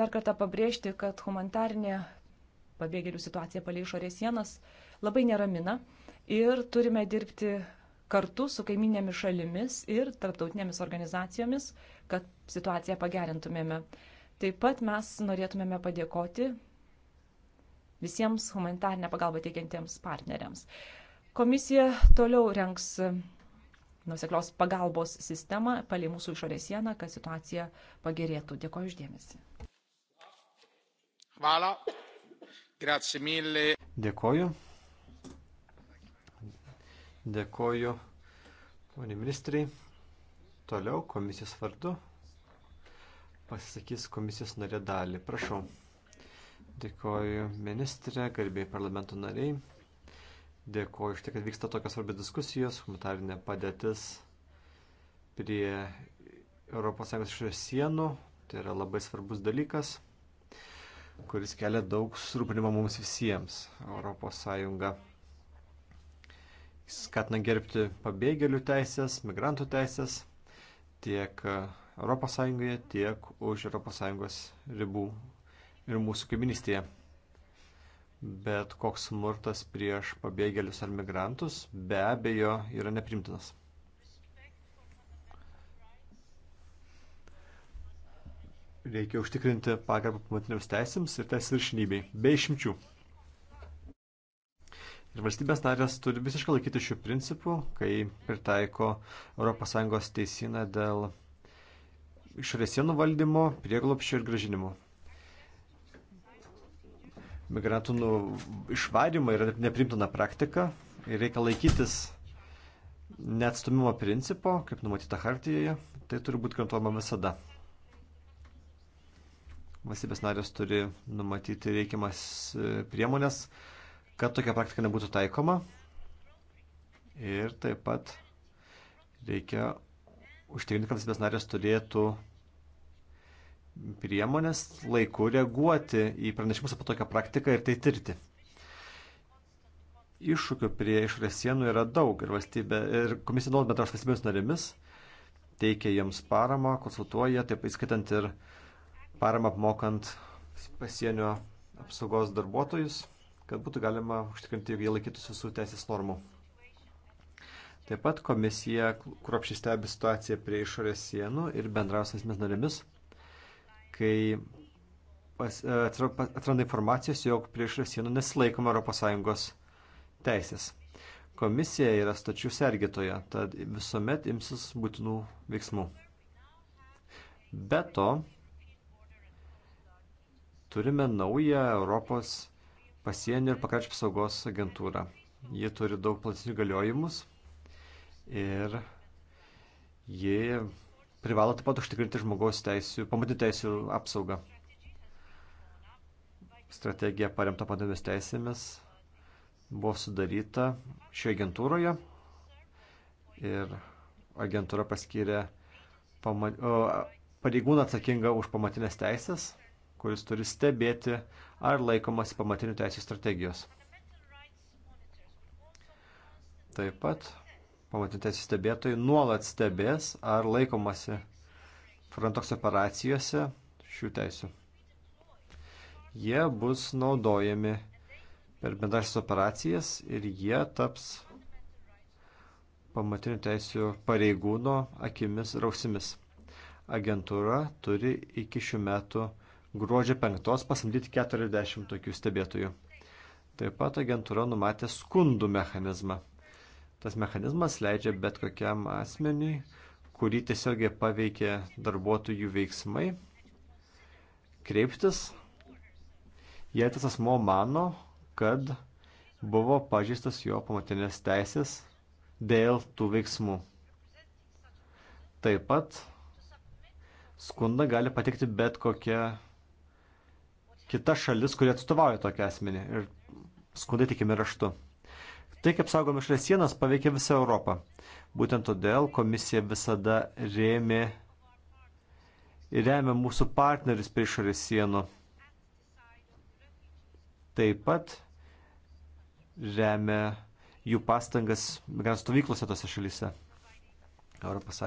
dar kartą pabrėžti, kad humanitarinė pabėgėlių situacija palei išorės sienas labai neramina ir turime dirbti kartu su kaiminėmis šalimis ir tarptautinėmis organizacijomis, kad situaciją pagerintumėme. Taip pat mes norėtumėme padėkoti visiems humanitarinę pagalbą teikiantiems partneriams. Komisija toliau renks nuseklios pagalbos sistemą palei mūsų išorės sieną, kad situacija pagerėtų. Dėkoju uždėmesi. Vala. Grazie mille. Dėkoju. Dėkoju, poniai ministrai. Toliau komisijos vardu pasisakys komisijos narė dalį. Prašau. Dėkoju ministrė, garbiai parlamento nariai. Dėkoju iš tai, kad vyksta tokios svarbios diskusijos, humanitarinė padėtis prie ES sienų. Tai yra labai svarbus dalykas kuris kelia daug surūpinimo mums visiems. ES skatina gerbti pabėgėlių teisės, migrantų teisės tiek ES, tiek už ES ribų ir mūsų kaiminystėje. Bet koks smurtas prieš pabėgėlius ar migrantus be abejo yra neprimtinas. Reikia užtikrinti pagarbą pamatiniams teisėms ir teisės viršinybei, be išimčių. Ir valstybės narės turi visiškai laikyti šių principų, kai pritaiko ES teisiną dėl išorės sienų valdymo, prieglopščio ir gražinimo. Migrantų nu, išvarymai yra neprimtina praktika ir reikia laikytis neatstumimo principo, kaip numatyta hartijoje, tai turi būti garantuojama visada valstybės narės turi numatyti reikiamas e, priemonės, kad tokia praktika nebūtų taikoma. Ir taip pat reikia užtikrinti, kad valstybės narės turėtų priemonės laiku reaguoti į pranešimus apie tokią praktiką ir tai tirti iššūkių prie išorės sienų yra daug ir, valstybė, ir komisija nuolat bendraus valstybės narėmis, teikia jiems paramą, konsultuoja, taip įskaitant ir paramą apmokant pasienio apsaugos darbuotojus, kad būtų galima užtikrinti, jog jie laikytųsi visų teisės normų. Taip pat komisija kruopšiai stebi situaciją prie išorės sienų ir bendraus asmens narėmis, kai pas, e, atranda informacijos, jog prie išorės sienų nesilaikoma ES teisės. Komisija yra stačių sergitoja, tad visuomet imsis būtinų veiksmų. Be to, Turime naują Europos pasienio ir pakračių apsaugos agentūrą. Ji turi daug platesnių galiojimus ir ji privalo taip pat užtikrinti žmogaus teisų, pamatinių teisų apsaugą. Strategija paremta padomis teisėmis buvo sudaryta šioje agentūroje ir agentūra paskyrė pamat... pareigūną atsakingą už pamatinės teisės kuris turi stebėti, ar laikomasi pamatinių teisės strategijos. Taip pat pamatinių teisės stebėtojai nuolat stebės, ar laikomasi Frontex operacijose šių teisų. Jie bus naudojami per bendrasis operacijas ir jie taps pamatinių teisų pareigūno akimis ir ausimis. Agentūra turi iki šių metų gruodžio 5 pasamdyti 40 tokių stebėtojų. Taip pat agentūra numatė skundų mechanizmą. Tas mechanizmas leidžia bet kokiam asmeniui, kurį tiesiogiai paveikia darbuotojų veiksmai, kreiptis, jei tas asmo mano, kad buvo pažįstas jo pamatinės teisės dėl tų veiksmų. Taip pat skundą gali patikti bet kokia kita šalis, kurie atstovauja tokį asmenį. Ir skundai tikimi raštu. Tai, kaip saugome šalies sienas, paveikia visą Europą. Būtent todėl komisija visada rėmė ir remia mūsų partneris prie išorės sienų. Taip pat remia jų pastangas migrantų stovyklose tose šalyse. ES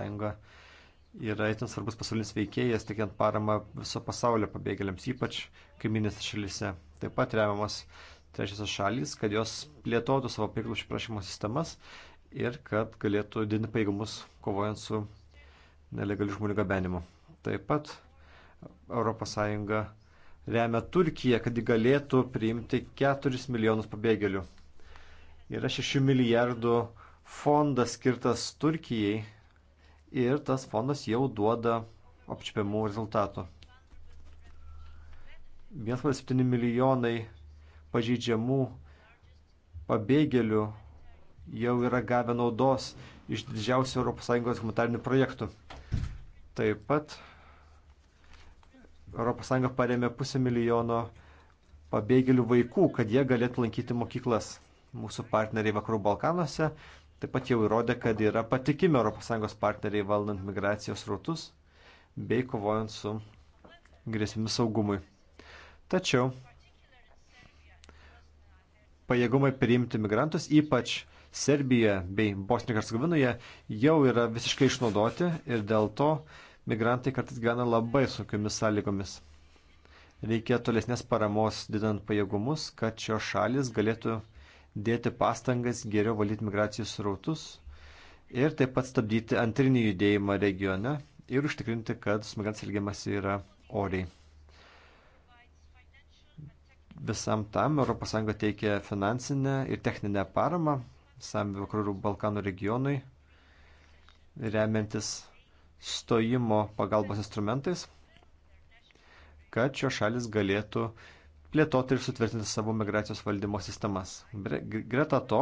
yra itin svarbus pasaulinis veikėjas, teikiant paramą viso pasaulio pabėgėliams, ypač kaiminėse šalise. Taip pat remiamas trečiosios šalys, kad jos plėtotų savo prieglobšio prašymo sistemas ir kad galėtų didinti paėgumus kovojant su nelegaliu žmonių gabenimu. Taip pat ES remia Turkiją, kad ji galėtų priimti 4 milijonus pabėgėlių. Yra 6 milijardų fondas skirtas Turkijai ir tas fondas jau duoda apčiupiamų rezultatų. 1,7 milijonai pažeidžiamų pabėgėlių jau yra gavę naudos iš didžiausių ES humanitarinių projektų. Taip pat ES paremė pusę milijono pabėgėlių vaikų, kad jie galėtų lankyti mokyklas. Mūsų partneriai Vakarų Balkanuose taip pat jau įrodė, kad yra patikimi ES partneriai valdant migracijos rautus bei kovojant su grėsmėmis saugumui. Tačiau pajėgumai priimti migrantus, ypač Serbijoje bei Bosnijoje ir Hercegovinoje, jau yra visiškai išnaudoti ir dėl to migrantai kartais gyvena labai sunkiomis sąlygomis. Reikia tolesnės paramos didant pajėgumus, kad šios šalis galėtų dėti pastangas geriau valyti migracijos srautus ir taip pat stabdyti antrinį judėjimą regione ir užtikrinti, kad su migrantais elgiamasi yra oriai. Visam tam ES teikia finansinę ir techninę paramą visam Vakarų Balkanų regionui, remiantis stojimo pagalbos instrumentais, kad šios šalis galėtų uh, plėtoti ir sutvirtinti savo migracijos valdymo sistemas. Greta to,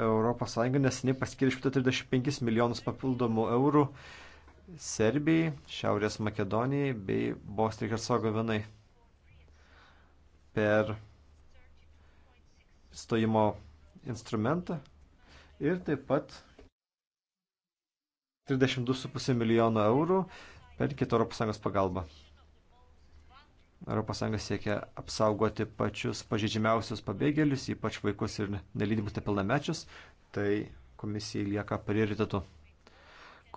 ES nesiniai paskyrė 135 milijonus papildomų eurų Serbijai, Šiaurės Makedonijai bei Bosnijai ir Hercegovinai per stojimo instrumentą ir taip pat 32,5 milijono eurų per kitą ES pagalbą. ES siekia apsaugoti pačius pažydžiamiausius pabėgėlius, ypač vaikus ir nelydimus nepilnamečius, tai komisijai lieka prioritetu.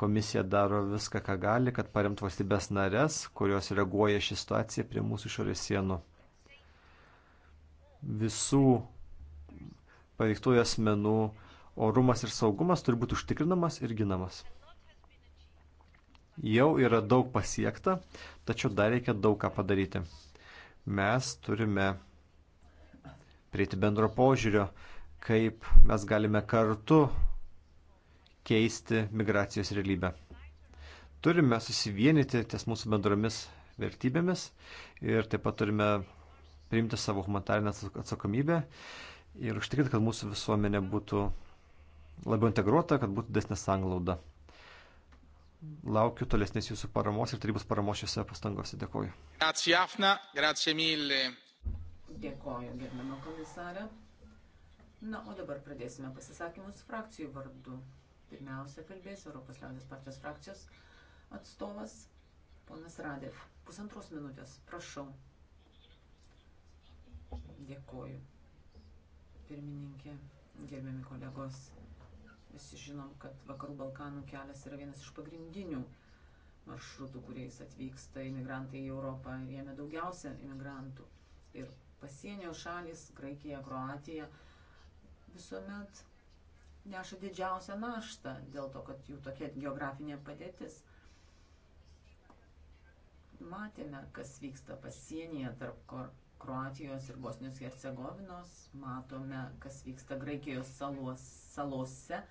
Komisija daro viską, ką gali, kad paremtų valstybės narės, kurios reaguoja šį situaciją prie mūsų išorės sienų. Visų paveiktųjų asmenų orumas ir saugumas turi būti užtikrinamas ir ginamas. Jau yra daug pasiekta, tačiau dar reikia daug ką padaryti. Mes turime prieiti bendro požiūrio, kaip mes galime kartu keisti migracijos realybę. Turime susivienyti ties mūsų bendromis vertybėmis ir taip pat turime priimti savo humanitarinę atsakomybę ir užtikrinti, kad mūsų visuomenė būtų labiau integruota, kad būtų desnė sanglauda laukiu tolesnės jūsų paramos ir tarybos paramos šiuose pastangose. Dėkoju. Grazie, Afna. Grazie mille. Dėkoju, gerbama komisarė. Na, o dabar pradėsime pasisakymus frakcijų vardu. Pirmiausia, kalbės Europos liaudės partijos frakcijos atstovas ponas Radev. Pusantros minutės, prašau. Dėkoju. Pirmininkė, gerbiami kolegos. Visi žinom, kad Vakarų Balkanų kelias yra vienas iš pagrindinių maršrutų, kuriais atvyksta imigrantai į Europą ir jame daugiausia imigrantų. Ir pasienio šalis, Graikija, Kroatija, visuomet neša didžiausią naštą dėl to, kad jų tokia geografinė padėtis. Matėme, kas vyksta pasienyje tarp Kroatijos ir Bosnijos Hercegovinos, matome, kas vyksta Graikijos salos, salose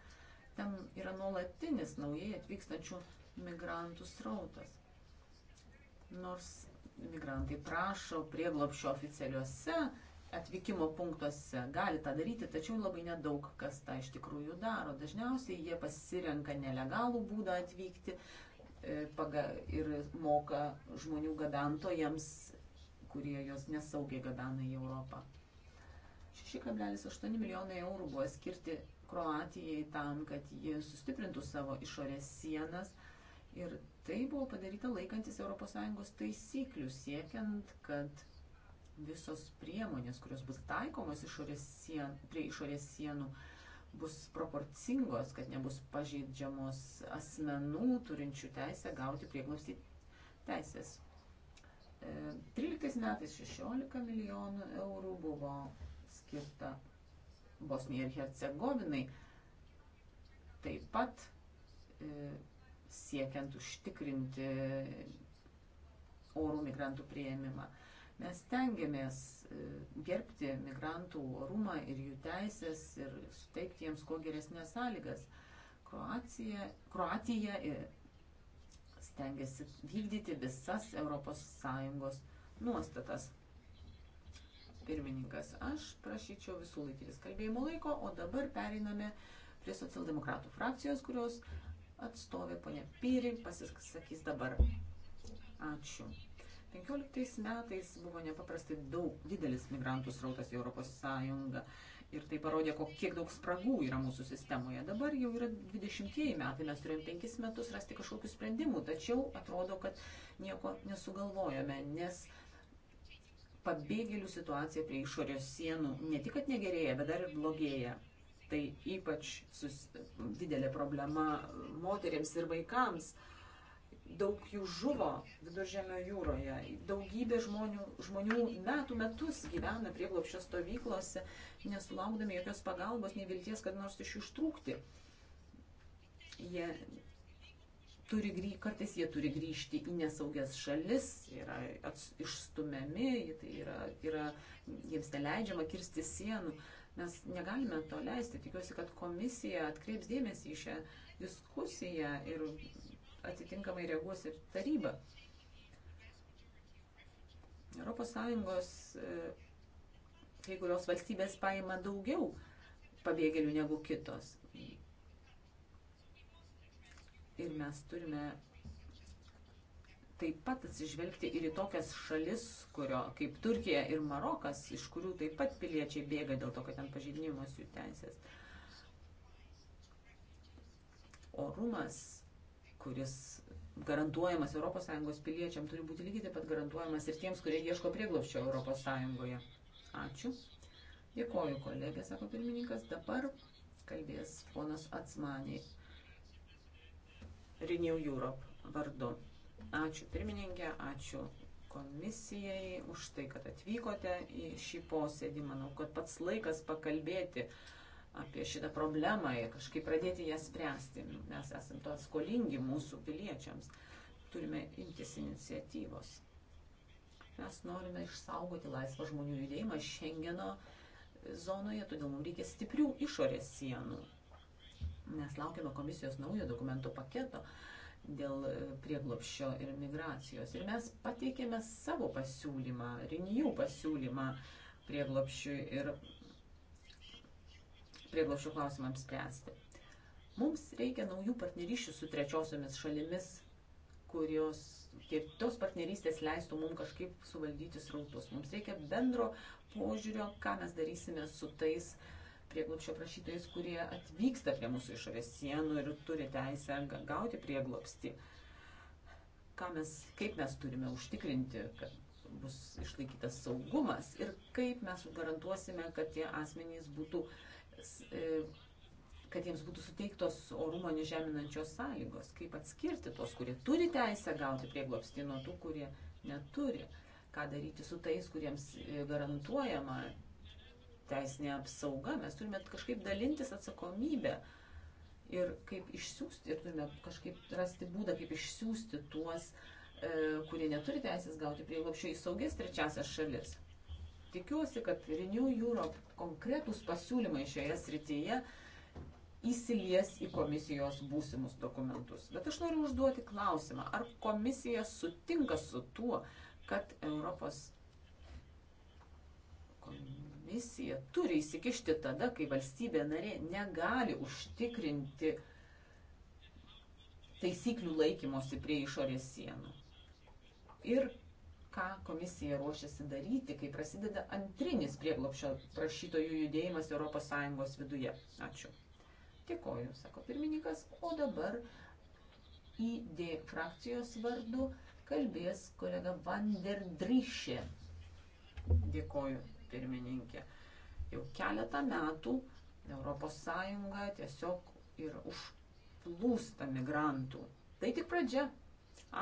ten yra nuolatinis naujai atvykstančių migrantų srautas. Nors migrantai prašo prieglopšio oficialiuose atvykimo punktuose, gali tą daryti, tačiau labai nedaug kas tą iš tikrųjų daro. Dažniausiai jie pasirenka nelegalų būdą atvykti e, ir moka žmonių gabentojams, kurie jos nesaugiai gabena į Europą. 6,8 milijonai eurų buvo skirti Kroatijai tam, kad ji sustiprintų savo išorės sienas. Ir tai buvo padaryta laikantis ES taisyklių, siekiant, kad visos priemonės, kurios bus taikomos išorės sien, prie išorės sienų, bus proporcingos, kad nebus pažeidžiamos asmenų turinčių teisę gauti prieglobstį teisės. 13 e, metais 16 milijonų eurų buvo skirta Bosnijai ir Hercegovinai. Taip pat e, siekiant užtikrinti orų migrantų prieimimą. Mes tengiamės e, gerbti migrantų orumą ir jų teisės ir suteikti jiems kuo geresnės sąlygas. Kroacija, Kroatija e, stengiasi vykdyti visas ES nuostatas. Pirmininkas, aš prašyčiau visų laikytis kalbėjimo laiko, o dabar periname prie socialdemokratų frakcijos, kurios atstovė ponia Pyri pasisakys dabar. Ačiū. 15 metais buvo nepaprastai daug didelis migrantų srautas į Europos Sąjungą ir tai parodė, kiek daug spragų yra mūsų sistemoje. Dabar jau yra 20 metai, mes turėjom 5 metus rasti kažkokių sprendimų, tačiau atrodo, kad nieko nesugalvojome, nes uh, pabėgėlių situacija prie išorės sienų ne tik, kad negerėja, bet dar ir blogėja. Tai ypač sus, didelė problema moteriams ir vaikams. Daug jų žuvo viduržėmio jūroje. Daugybė žmonių, žmonių metų metus gyvena prieglopščio stovyklose, nesulaukdami jokios pagalbos, nei vilties, kad nors iš jų ištrūkti. Jie turi, kartais jie turi grįžti į nesaugias šalis, yra ats, išstumiami, tai yra, yra, jiems neleidžiama kirsti sienų. Mes negalime to leisti. Tikiuosi, kad komisija atkreips dėmesį į šią diskusiją ir atitinkamai reaguos ir taryba. ES e, kai kurios valstybės paima daugiau pabėgėlių negu kitos. Ir mes turime taip pat atsižvelgti ir į tokias šalis, kurio, kaip Turkija ir Marokas, iš kurių taip pat piliečiai bėga dėl to, kad ten pažydinimas jų teisės. Orumas, kuris garantuojamas ES piliečiam, turi būti lygiai taip pat garantuojamas ir tiems, kurie ieško prieglopščio ES. Ačiū. Dėkoju, kolegė, sako pirmininkas. Dabar kalbės ponas Atsmaniai. Renew Europe vardu. Ačiū pirmininkė, ačiū komisijai už tai, kad atvykote į šį posėdį. Manau, kad pats laikas pakalbėti apie šitą problemą ir kažkaip pradėti ją spręsti. Mes esam to skolingi mūsų piliečiams. Turime imtis iniciatyvos. Mes norime išsaugoti laisvą žmonių judėjimą Šengeno zonoje, todėl mums reikia stiprių išorės sienų nes laukiame komisijos naujo dokumento paketo dėl e, prieglopščio ir migracijos. Ir mes pateikėme savo pasiūlymą, Renijų pasiūlymą prieglopščiui ir prieglopščių klausimams spręsti. Mums reikia naujų partnerysčių su trečiosiomis šalimis, kurios tos partnerystės leistų mums kažkaip suvaldyti srautus. Mums reikia bendro požiūrio, ką mes darysime su tais uh, prieglopščio prašytojais, kurie atvyksta prie mūsų išorės sienų ir turi teisę gauti prieglopstį. Mes, kaip mes turime užtikrinti, kad bus išlaikytas saugumas ir kaip mes garantuosime, kad tie asmenys būtų, e, kad jiems būtų suteiktos orumo nežeminančios sąlygos, kaip atskirti tos, kurie turi teisę gauti prieglopstį nuo tų, kurie neturi, ką daryti su tais, kuriems e, garantuojama teisinė apsauga, mes turime kažkaip dalintis atsakomybę ir kaip išsiųsti, ir turime kažkaip rasti būdą, kaip išsiųsti tuos, e, kurie neturi teisės gauti prieglopščio į saugės trečiasias šalis. Tikiuosi, kad Renew Europe konkretūs pasiūlymai šioje srityje įsilies į komisijos būsimus dokumentus. Bet aš noriu užduoti klausimą, ar komisija sutinka su tuo, kad Europos komisija turi įsikišti tada, kai valstybė narė negali užtikrinti taisyklių laikymosi prie išorės sienų. Ir ką komisija ruošiasi daryti, kai prasideda antrinis prieglopšio prašytojų judėjimas ES viduje. Ačiū. Dėkoju, sako pirmininkas. O dabar ID frakcijos vardu kalbės kolega Van der Dryšė. Dėkoju pirmininkė. Jau keletą metų ES tiesiog yra užplūsta migrantų. Tai tik pradžia.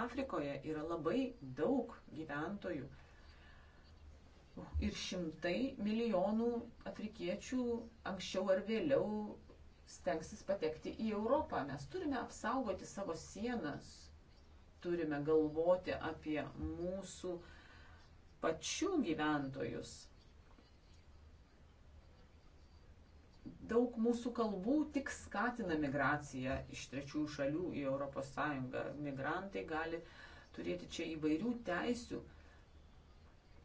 Afrikoje yra labai daug gyventojų. Ir šimtai milijonų afrikiečių anksčiau ar vėliau stengsis patekti į Europą. Mes turime apsaugoti savo sienas, turime galvoti apie mūsų pačių gyventojus. daug mūsų kalbų tik skatina migraciją iš trečiųjų šalių į ES. Migrantai gali turėti čia įvairių teisių.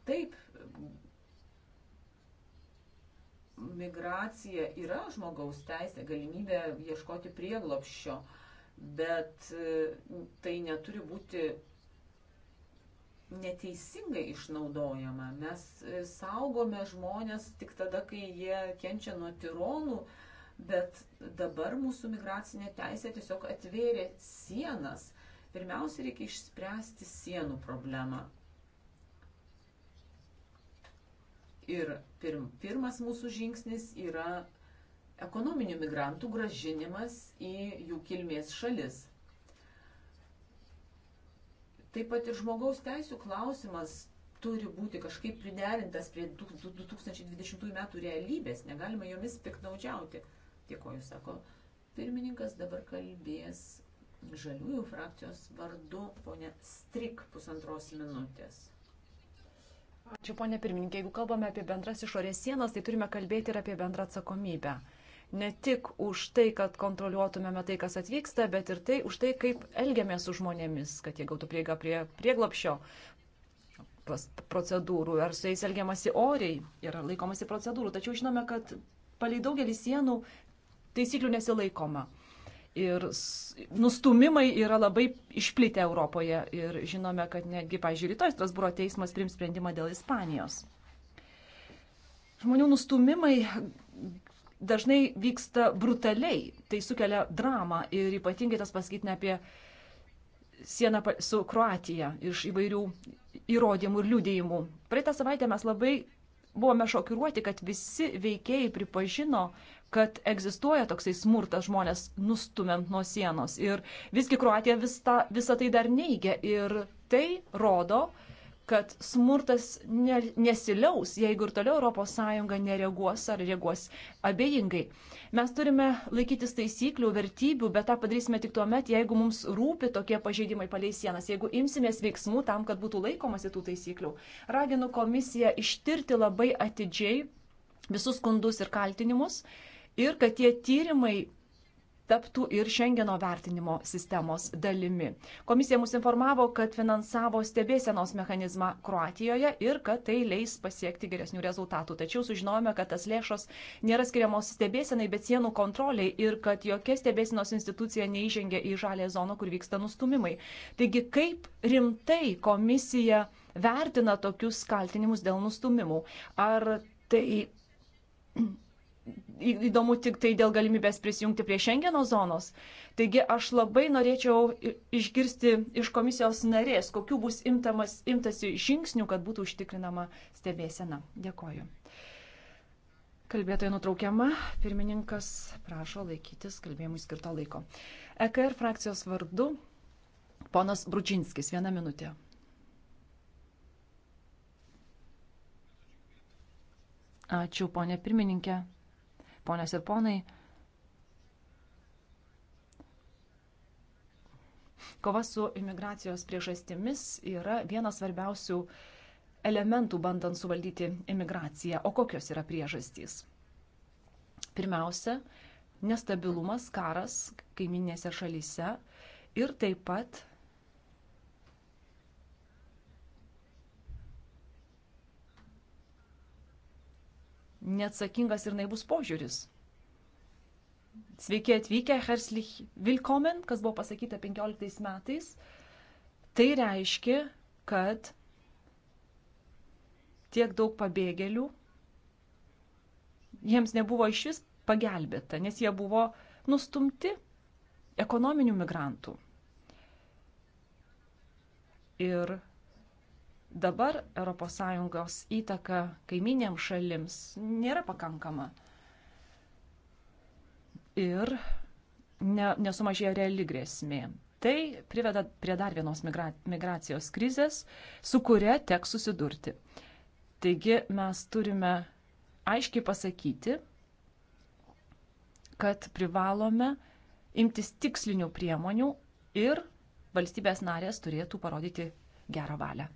Taip, migracija yra žmogaus teisė, galimybė ieškoti prieglopščio, bet e, tai neturi būti neteisingai išnaudojama. Mes saugome žmonės tik tada, kai jie kenčia nuo tironų, bet dabar mūsų migracinė teisė tiesiog atvėrė sienas. Pirmiausia, reikia išspręsti sienų problemą. Ir pirm, pirmas mūsų žingsnis yra ekonominių migrantų gražinimas į jų kilmės šalis. Taip pat ir žmogaus teisų klausimas turi būti kažkaip priderintas prie 2020 metų realybės, negalima jomis piknaudžiauti. Dėkoju, sako pirmininkas, dabar kalbės žaliųjų frakcijos vardu ponė Strik pusantros minutės. Ačiū, ponė pirmininkė. Jeigu kalbame apie bendras išorės sienas, tai turime kalbėti ir apie bendrą atsakomybę ne tik už tai, kad kontroliuotumėme tai, kas atvyksta, bet ir tai už tai, kaip elgiamės su žmonėmis, kad jie gautų prieigą prie prieglopšio procedūrų, ar su jais elgiamasi oriai ir laikomasi procedūrų. Tačiau žinome, kad palei daugelį sienų taisyklių nesilaikoma. Ir nustumimai yra labai išplitę Europoje. Ir žinome, kad netgi, pažiūrėjau, rytoj Strasbūro teismas prims sprendimą dėl Ispanijos. Žmonių nustumimai dažnai vyksta brutaliai. Tai sukelia dramą ir ypatingai tas pasakytina apie sieną su Kroatija iš įvairių įrodymų ir liūdėjimų. Praeitą savaitę mes labai buvome šokiruoti, kad visi veikėjai pripažino, kad egzistuoja toksai smurtas žmonės nustumiant nuo sienos. Ir visgi Kroatija visą tai dar neigia. Ir tai rodo, kad kad smurtas ne, nesiliaus, jeigu ir toliau ES nereaguos ar reaguos abejingai. Mes turime laikytis taisyklių, vertybių, bet tą padarysime tik tuo met, jeigu mums rūpi tokie pažeidimai palei sienas, jeigu imsimės veiksmų tam, kad būtų laikomasi tų taisyklių. Raginu komisiją ištirti labai atidžiai visus skundus ir kaltinimus ir kad tie tyrimai taptų ir Šengeno vertinimo sistemos dalimi. Komisija mus informavo, kad finansavo stebėsenos mechanizmą Kroatijoje ir kad tai leis pasiekti geresnių rezultatų. Tačiau sužinojome, kad tas lėšos nėra skiriamos stebėsenai, bet sienų kontroliai ir kad jokia stebėsenos institucija neižengia į žalę zoną, kur vyksta nustumimai. Taigi, kaip rimtai komisija vertina tokius kaltinimus dėl nustumimų? Ar tai įdomu tik tai dėl galimybės prisijungti prie Schengeno zonos. Taigi aš labai norėčiau išgirsti iš komisijos narės, kokiu bus imtamas, imtasi žingsnių, kad būtų užtikrinama stebėsena. Dėkoju. Kalbėtoja nutraukiama, pirmininkas prašo laikytis kalbėjimui skirto laiko. EKR frakcijos vardu ponas Brudžinskis, vieną minutę. Ačiū, ponė pirmininkė. Ponios ir ponai, kova su imigracijos priežastimis yra vienas svarbiausių elementų bandant suvaldyti imigraciją. O kokios yra priežastys? Pirmiausia, nestabilumas, karas kaiminėse šalyse ir taip pat neatsakingas ir naivus požiūris. Sveiki atvykę, Herslich Vilkomen, kas buvo pasakyta 15 metais. Tai reiškia, kad tiek daug pabėgėlių, jiems nebuvo iš vis pagelbėta, nes jie buvo nustumti ekonominių migrantų. Ir dabar ES įtaka kaiminėms šalims nėra pakankama. Ir ne, nesumažėjo reali grėsmė. Tai priveda prie dar vienos migra, migracijos krizės, su kuria teks susidurti. Taigi mes turime aiškiai pasakyti, kad privalome imtis tikslinių priemonių ir valstybės narės turėtų parodyti gerą valią.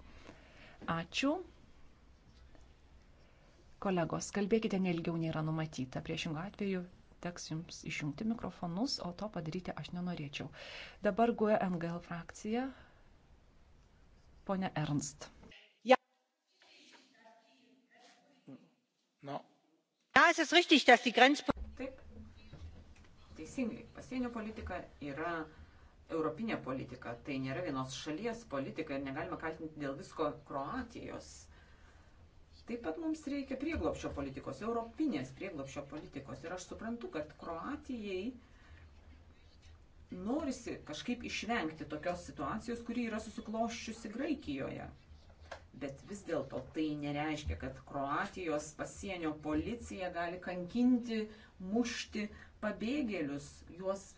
Ačiū. Kolegos, kalbėkite nelgiau nei yra numatyta. Priešingų atveju teks jums išjungti mikrofonus, o to padaryti aš nenorėčiau. Dabar GUE NGL frakcija. Pone Ernst. Ja. No. Ja, es ist richtig, dass die Grenz... Taip. Teisingai. Pasienio politika yra europinė politika, tai nėra vienos šalies politika ir negalima kaltinti dėl visko Kroatijos. Taip pat mums reikia prieglopšio politikos, europinės prieglopšio politikos. Ir aš suprantu, kad Kroatijai norisi kažkaip išvengti tokios situacijos, kuri yra susikloščiusi Graikijoje. Bet vis dėlto tai nereiškia, kad Kroatijos pasienio policija gali kankinti, mušti pabėgėlius, juos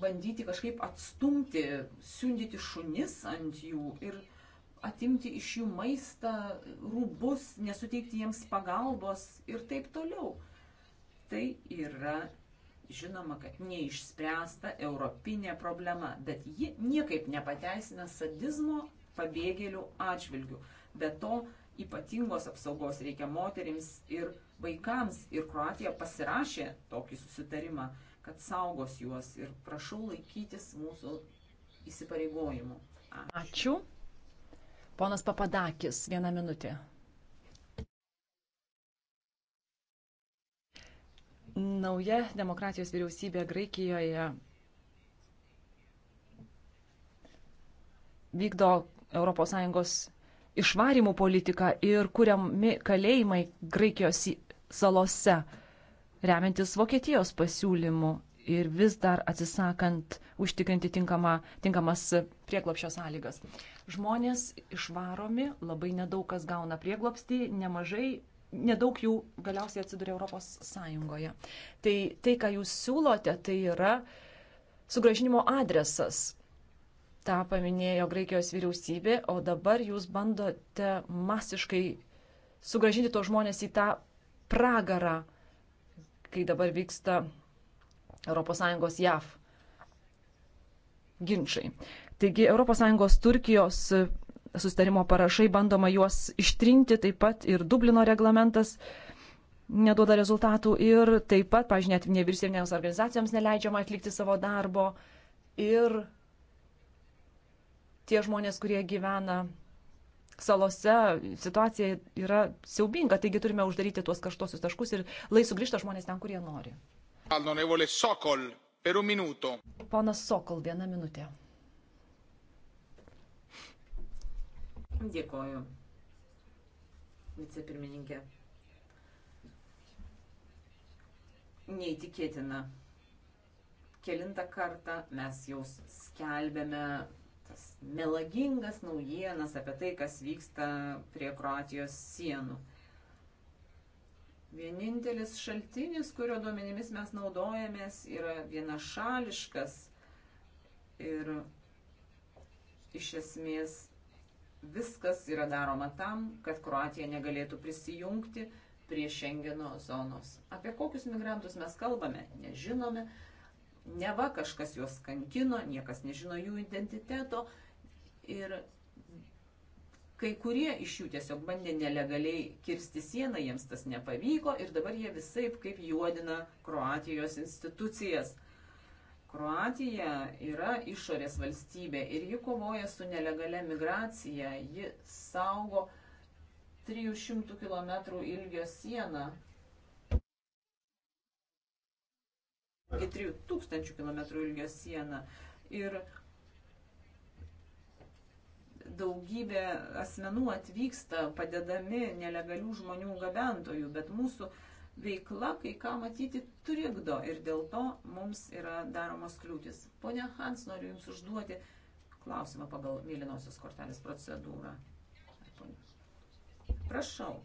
bandyti kažkaip atstumti, siundyti šunis ant jų ir atimti iš jų maistą, rūbus, nesuteikti jiems pagalbos ir taip toliau. Tai yra žinoma, kad neišspręsta europinė problema, bet ji niekaip nepateisina sadizmo pabėgėlių atžvilgių. Be to, ypatingos apsaugos reikia moterims ir vaikams ir Kroatija pasirašė tokį susitarimą kad saugos juos ir prašau laikytis mūsų įsipareigojimų. Ačiū. Ačiū. Ponas Papadakis, vieną minutę. Nauja demokratijos vyriausybė Graikijoje vykdo ES išvarimų politiką ir kuriami kalėjimai Graikijos salose remiantis Vokietijos pasiūlymu ir vis dar atsisakant užtikrinti tinkama, tinkamas prieglopščio sąlygas. Žmonės išvaromi, labai nedaug kas gauna prieglopstį, nemažai, nedaug jų galiausiai atsiduria Europos Sąjungoje. Tai tai, ką jūs siūlote, tai yra sugražinimo adresas. Ta paminėjo Graikijos vyriausybė, o dabar jūs bandote masiškai sugražinti tos žmonės į tą pragarą kai dabar vyksta ES JAV ginčiai. Taigi ES Turkijos sustarimo parašai bandoma juos ištrinti, taip pat ir Dublino reglamentas neduoda rezultatų ir taip pat, pažiūrėjau, nevyriausybinėms organizacijoms neleidžiama atlikti savo darbo ir tie žmonės, kurie gyvena salose situacija yra siaubinga, taigi turime uždaryti tuos karštosius taškus ir lai sugrįžta žmonės ten, kur jie nori. Sokol, Ponas Sokol, viena minutė. Dėkoju, vicepirmininkė. Neįtikėtina. Kelintą kartą mes jau skelbėme tas melagingas naujienas apie tai, kas vyksta prie Kroatijos sienų. Vienintelis šaltinis, kurio duomenimis mes naudojamės, yra vienašališkas ir iš esmės viskas yra daroma tam, kad Kroatija negalėtų prisijungti prie Šengeno zonos. Apie kokius migrantus mes kalbame, nežinome, Neva kažkas juos kankino, niekas nežino jų identiteto ir kai kurie iš jų tiesiog bandė nelegaliai kirsti sieną, jiems tas nepavyko ir dabar jie visai kaip juodina Kroatijos institucijas. Kroatija yra išorės valstybė ir ji kovoja su nelegalia migracija, ji saugo 300 km ilgio sieną iki 3000 km ilgio sieną. Ir daugybė asmenų atvyksta padedami nelegalių žmonių gabentojų, bet mūsų veikla kai ką matyti trikdo ir dėl to mums yra daromos kliūtis. Pone Hans, noriu Jums užduoti klausimą pagal mėlynosios kortelės procedūrą. Prašau.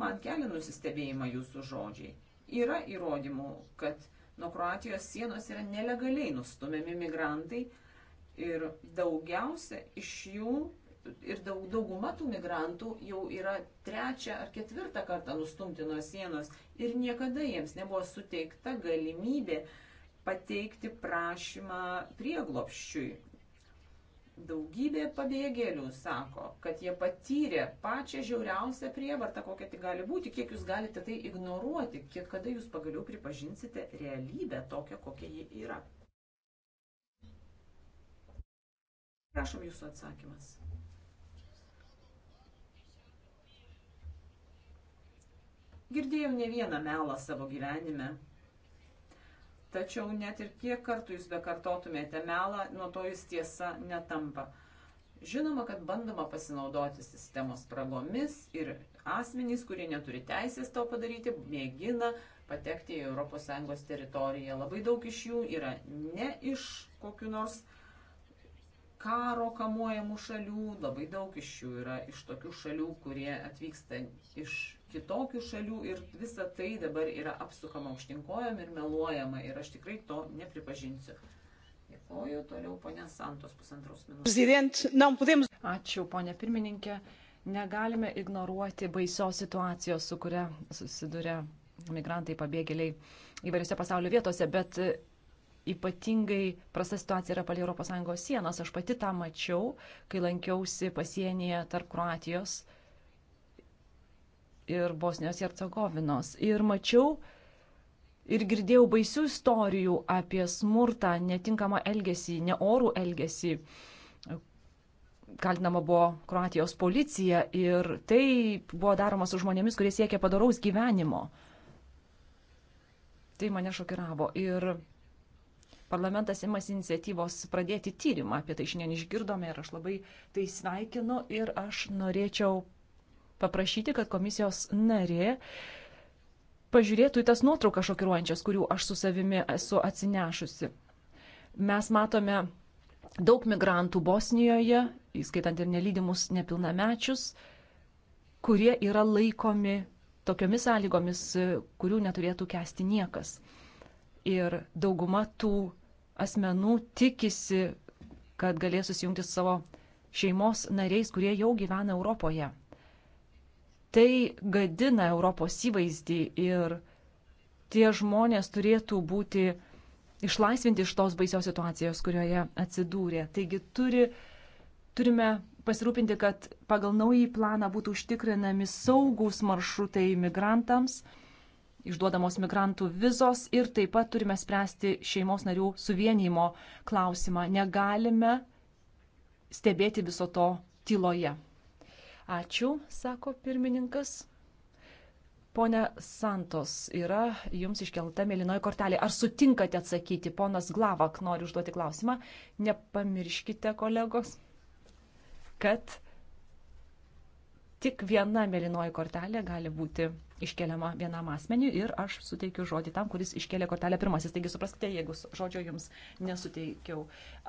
Man kelia nusistebėjimą jūsų žodžiai. Yra įrodymų, kad nuo Kroatijos sienos yra nelegaliai nustumiami migrantai ir daugiausia iš jų ir daug, dauguma tų migrantų jau yra trečią ar ketvirtą kartą nustumti nuo sienos ir niekada jiems nebuvo suteikta galimybė pateikti prašymą prieglopščiui. Daugybė pabėgėlių sako, kad jie patyrė pačią žiauriausią prievartą, kokia tik gali būti, kiek jūs galite tai ignoruoti, kiek kada jūs pagaliau pripažinsite realybę tokią, kokia ji yra. Prašom jūsų atsakymas. Girdėjau ne vieną melą savo gyvenime, Tačiau net ir kiek kartų jūs bekartotumėte melą, nuo to jis tiesa netampa. Žinoma, kad bandoma pasinaudoti sistemos spragomis ir asmenys, kurie neturi teisės to padaryti, mėgina patekti į ES teritoriją. Labai daug iš jų yra ne iš kokiu nors karo kamuojamų šalių, labai daug iš jų yra iš tokių šalių, kurie atvyksta iš kitokių šalių ir visa tai dabar yra apsukama užtinkojom ir meluojama ir aš tikrai to nepripažinsiu. Dėkoju, toliau ponė Santos pusantros minutės. Ačiū, ponė pirmininkė. Negalime ignoruoti baisios situacijos, su kuria susiduria migrantai, pabėgėliai įvairiose pasaulio vietose, bet e, ypatingai prasta situacija yra palie ES sienos. Aš pati tą mačiau, kai lankiausi pasienyje tarp Kroatijos ir ir Bosnijos ir Cegovinos. Ir mačiau ir girdėjau baisių istorijų apie smurtą, netinkamą elgesį, neorų elgesį. Kaltinama buvo Kroatijos policija ir tai buvo daroma su žmonėmis, kurie siekia padaraus gyvenimo. Tai mane šokiravo. Ir parlamentas imasi iniciatyvos pradėti tyrimą. Apie tai šiandien išgirdome ir aš labai tai sveikinu ir aš norėčiau paprašyti, kad komisijos narė pažiūrėtų į tas nuotraukas šokiruojančias, kurių aš su savimi esu atsinešusi. Mes matome daug migrantų Bosnijoje, įskaitant ir nelydimus nepilnamečius, kurie yra laikomi tokiomis sąlygomis, kurių neturėtų kesti niekas. Ir dauguma tų asmenų tikisi, kad galės susijungti su savo šeimos nariais, kurie jau gyvena Europoje tai gadina Europos įvaizdį ir tie žmonės turėtų būti išlaisvinti iš tos baisios situacijos, kurioje atsidūrė. Taigi turi, turime pasirūpinti, kad pagal naująjį planą būtų užtikrinami saugus maršrutai migrantams, išduodamos migrantų vizos ir taip pat turime spręsti šeimos narių suvienimo klausimą. Negalime stebėti viso to tyloje. Ačiū, sako pirmininkas. Pone Santos, yra jums iškelta mėlynoji kortelė. Ar sutinkate atsakyti? Ponas Glavak nori užduoti klausimą. Nepamirškite, kolegos, kad tik viena mėlynoji kortelė gali būti iškeliama vienam asmeniui ir aš suteikiu žodį tam, kuris iškėlė kortelę pirmasis. Taigi supraskite, jeigu žodžio jums nesuteikiau.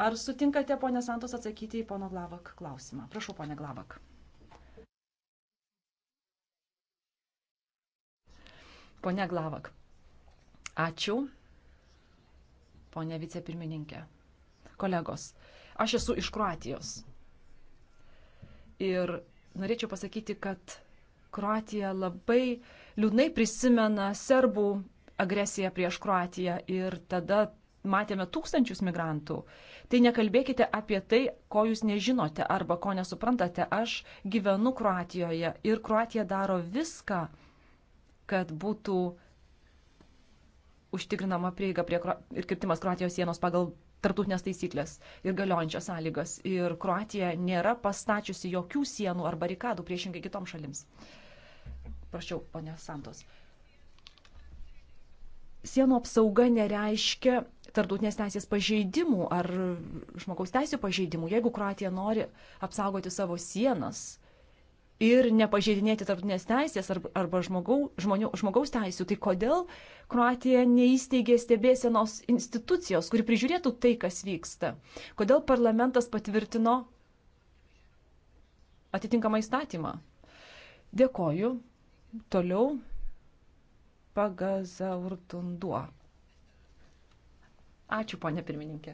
Ar sutinkate, ponė Santos, atsakyti į pono Glavak klausimą? Prašau, ponė Glavak. Pone Glavak. Ačiū. Pone vicepirmininkė. Kolegos, aš esu iš Kroatijos. Ir norėčiau pasakyti, kad Kroatija labai liūdnai prisimena serbų agresiją prieš Kroatiją ir tada matėme tūkstančius migrantų. Tai nekalbėkite apie tai, ko jūs nežinote arba ko nesuprantate. Aš gyvenu Kroatijoje ir Kroatija daro viską, kad būtų užtikrinama prieiga prie ir kirtimas Kroatijos sienos pagal tartutinės taisyklės ir galiojančias sąlygas. Ir Kroatija nėra pastatčiusi jokių sienų ar barikadų priešingai kitoms šalims. Prašiau, ponė Santos. Sienų apsauga nereiškia tartutinės teisės pažeidimų ar žmogaus teisų pažeidimų. Jeigu Kroatija nori apsaugoti savo sienas, ir nepažeidinėti tarptautinės teisės arba žmogau, žmonių, žmogaus teisų, tai kodėl Kroatija neįsteigė stebėsenos institucijos, kuri prižiūrėtų tai, kas vyksta? Kodėl parlamentas patvirtino atitinkamą įstatymą? Dėkoju. Toliau pagazaurtunduo. Ačiū, ponė pirmininkė.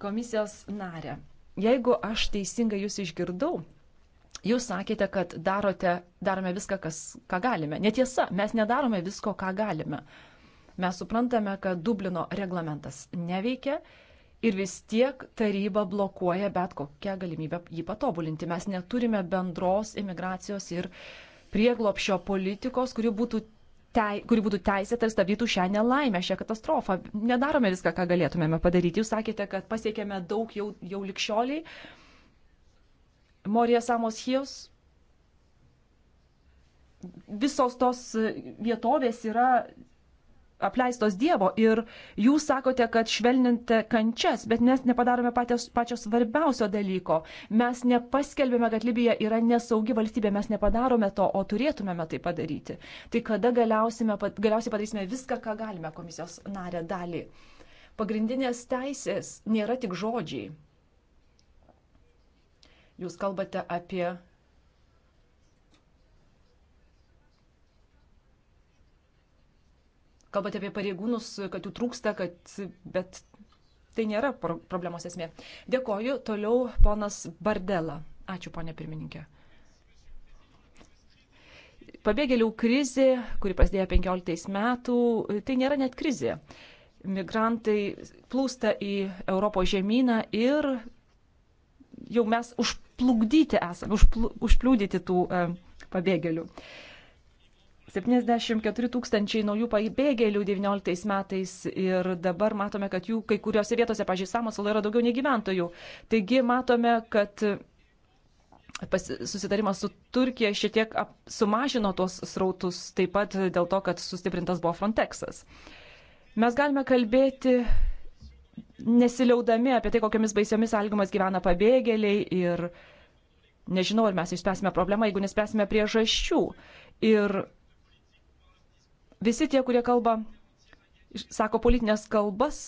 Komisijos narė, jeigu aš teisingai jūs išgirdau, Jūs sakėte, kad darote, darome viską, kas, ką galime. Netiesa, mes nedarome visko, ką galime. Mes suprantame, kad Dublino reglamentas neveikia ir vis tiek taryba blokuoja bet kokią galimybę jį patobulinti. Mes neturime bendros imigracijos ir prieglopšio politikos, kuri būtų, tei, kuri būtų teisėta ir stabdytų šią nelaimę, šią katastrofą. Nedarome viską, ką galėtumėme padaryti. Jūs sakėte, kad pasiekėme daug jau, jau likščioliai Morija Samos Hijos. Visos tos e, vietovės yra apleistos Dievo ir jūs sakote, kad švelninti kančias, bet mes nepadarome patės, pačio svarbiausio dalyko. Mes nepaskelbėme, kad Libija yra nesaugi valstybė, mes nepadarome to, o turėtumėme tai padaryti. Tai kada galiausiai padarysime viską, ką galime komisijos narė dalį. Pagrindinės teisės nėra tik žodžiai. Jūs kalbate apie kalbate apie pareigūnus, kad jų trūksta, kad, bet tai nėra problemos esmė. Dėkoju. Toliau ponas Bardela. Ačiū, ponė pirmininkė. Pabėgėlių krizė, kuri prasidėjo 15 metų, tai nėra net krizė. Migrantai plūsta į Europos žemyną ir jau mes už, užplukdyti esame, užpl, užpliūdyti tų e, pabėgėlių. 74 tūkstančiai naujų pabėgėlių 19 metais ir dabar matome, kad jų kai kuriuose vietose, pažiūrėjau, Samosalo yra daugiau nei gyventojų. Taigi matome, kad susitarimas su Turkija šiek tiek sumažino tuos srautus, taip pat dėl to, kad sustiprintas buvo Frontexas. Mes galime kalbėti nesiliaudami apie tai, kokiamis baisiomis sąlygomis gyvena pabėgėliai ir nežinau, ar mes išspręsime problemą, jeigu nespręsime priežasčių. Ir visi tie, kurie kalba, sako politinės kalbas,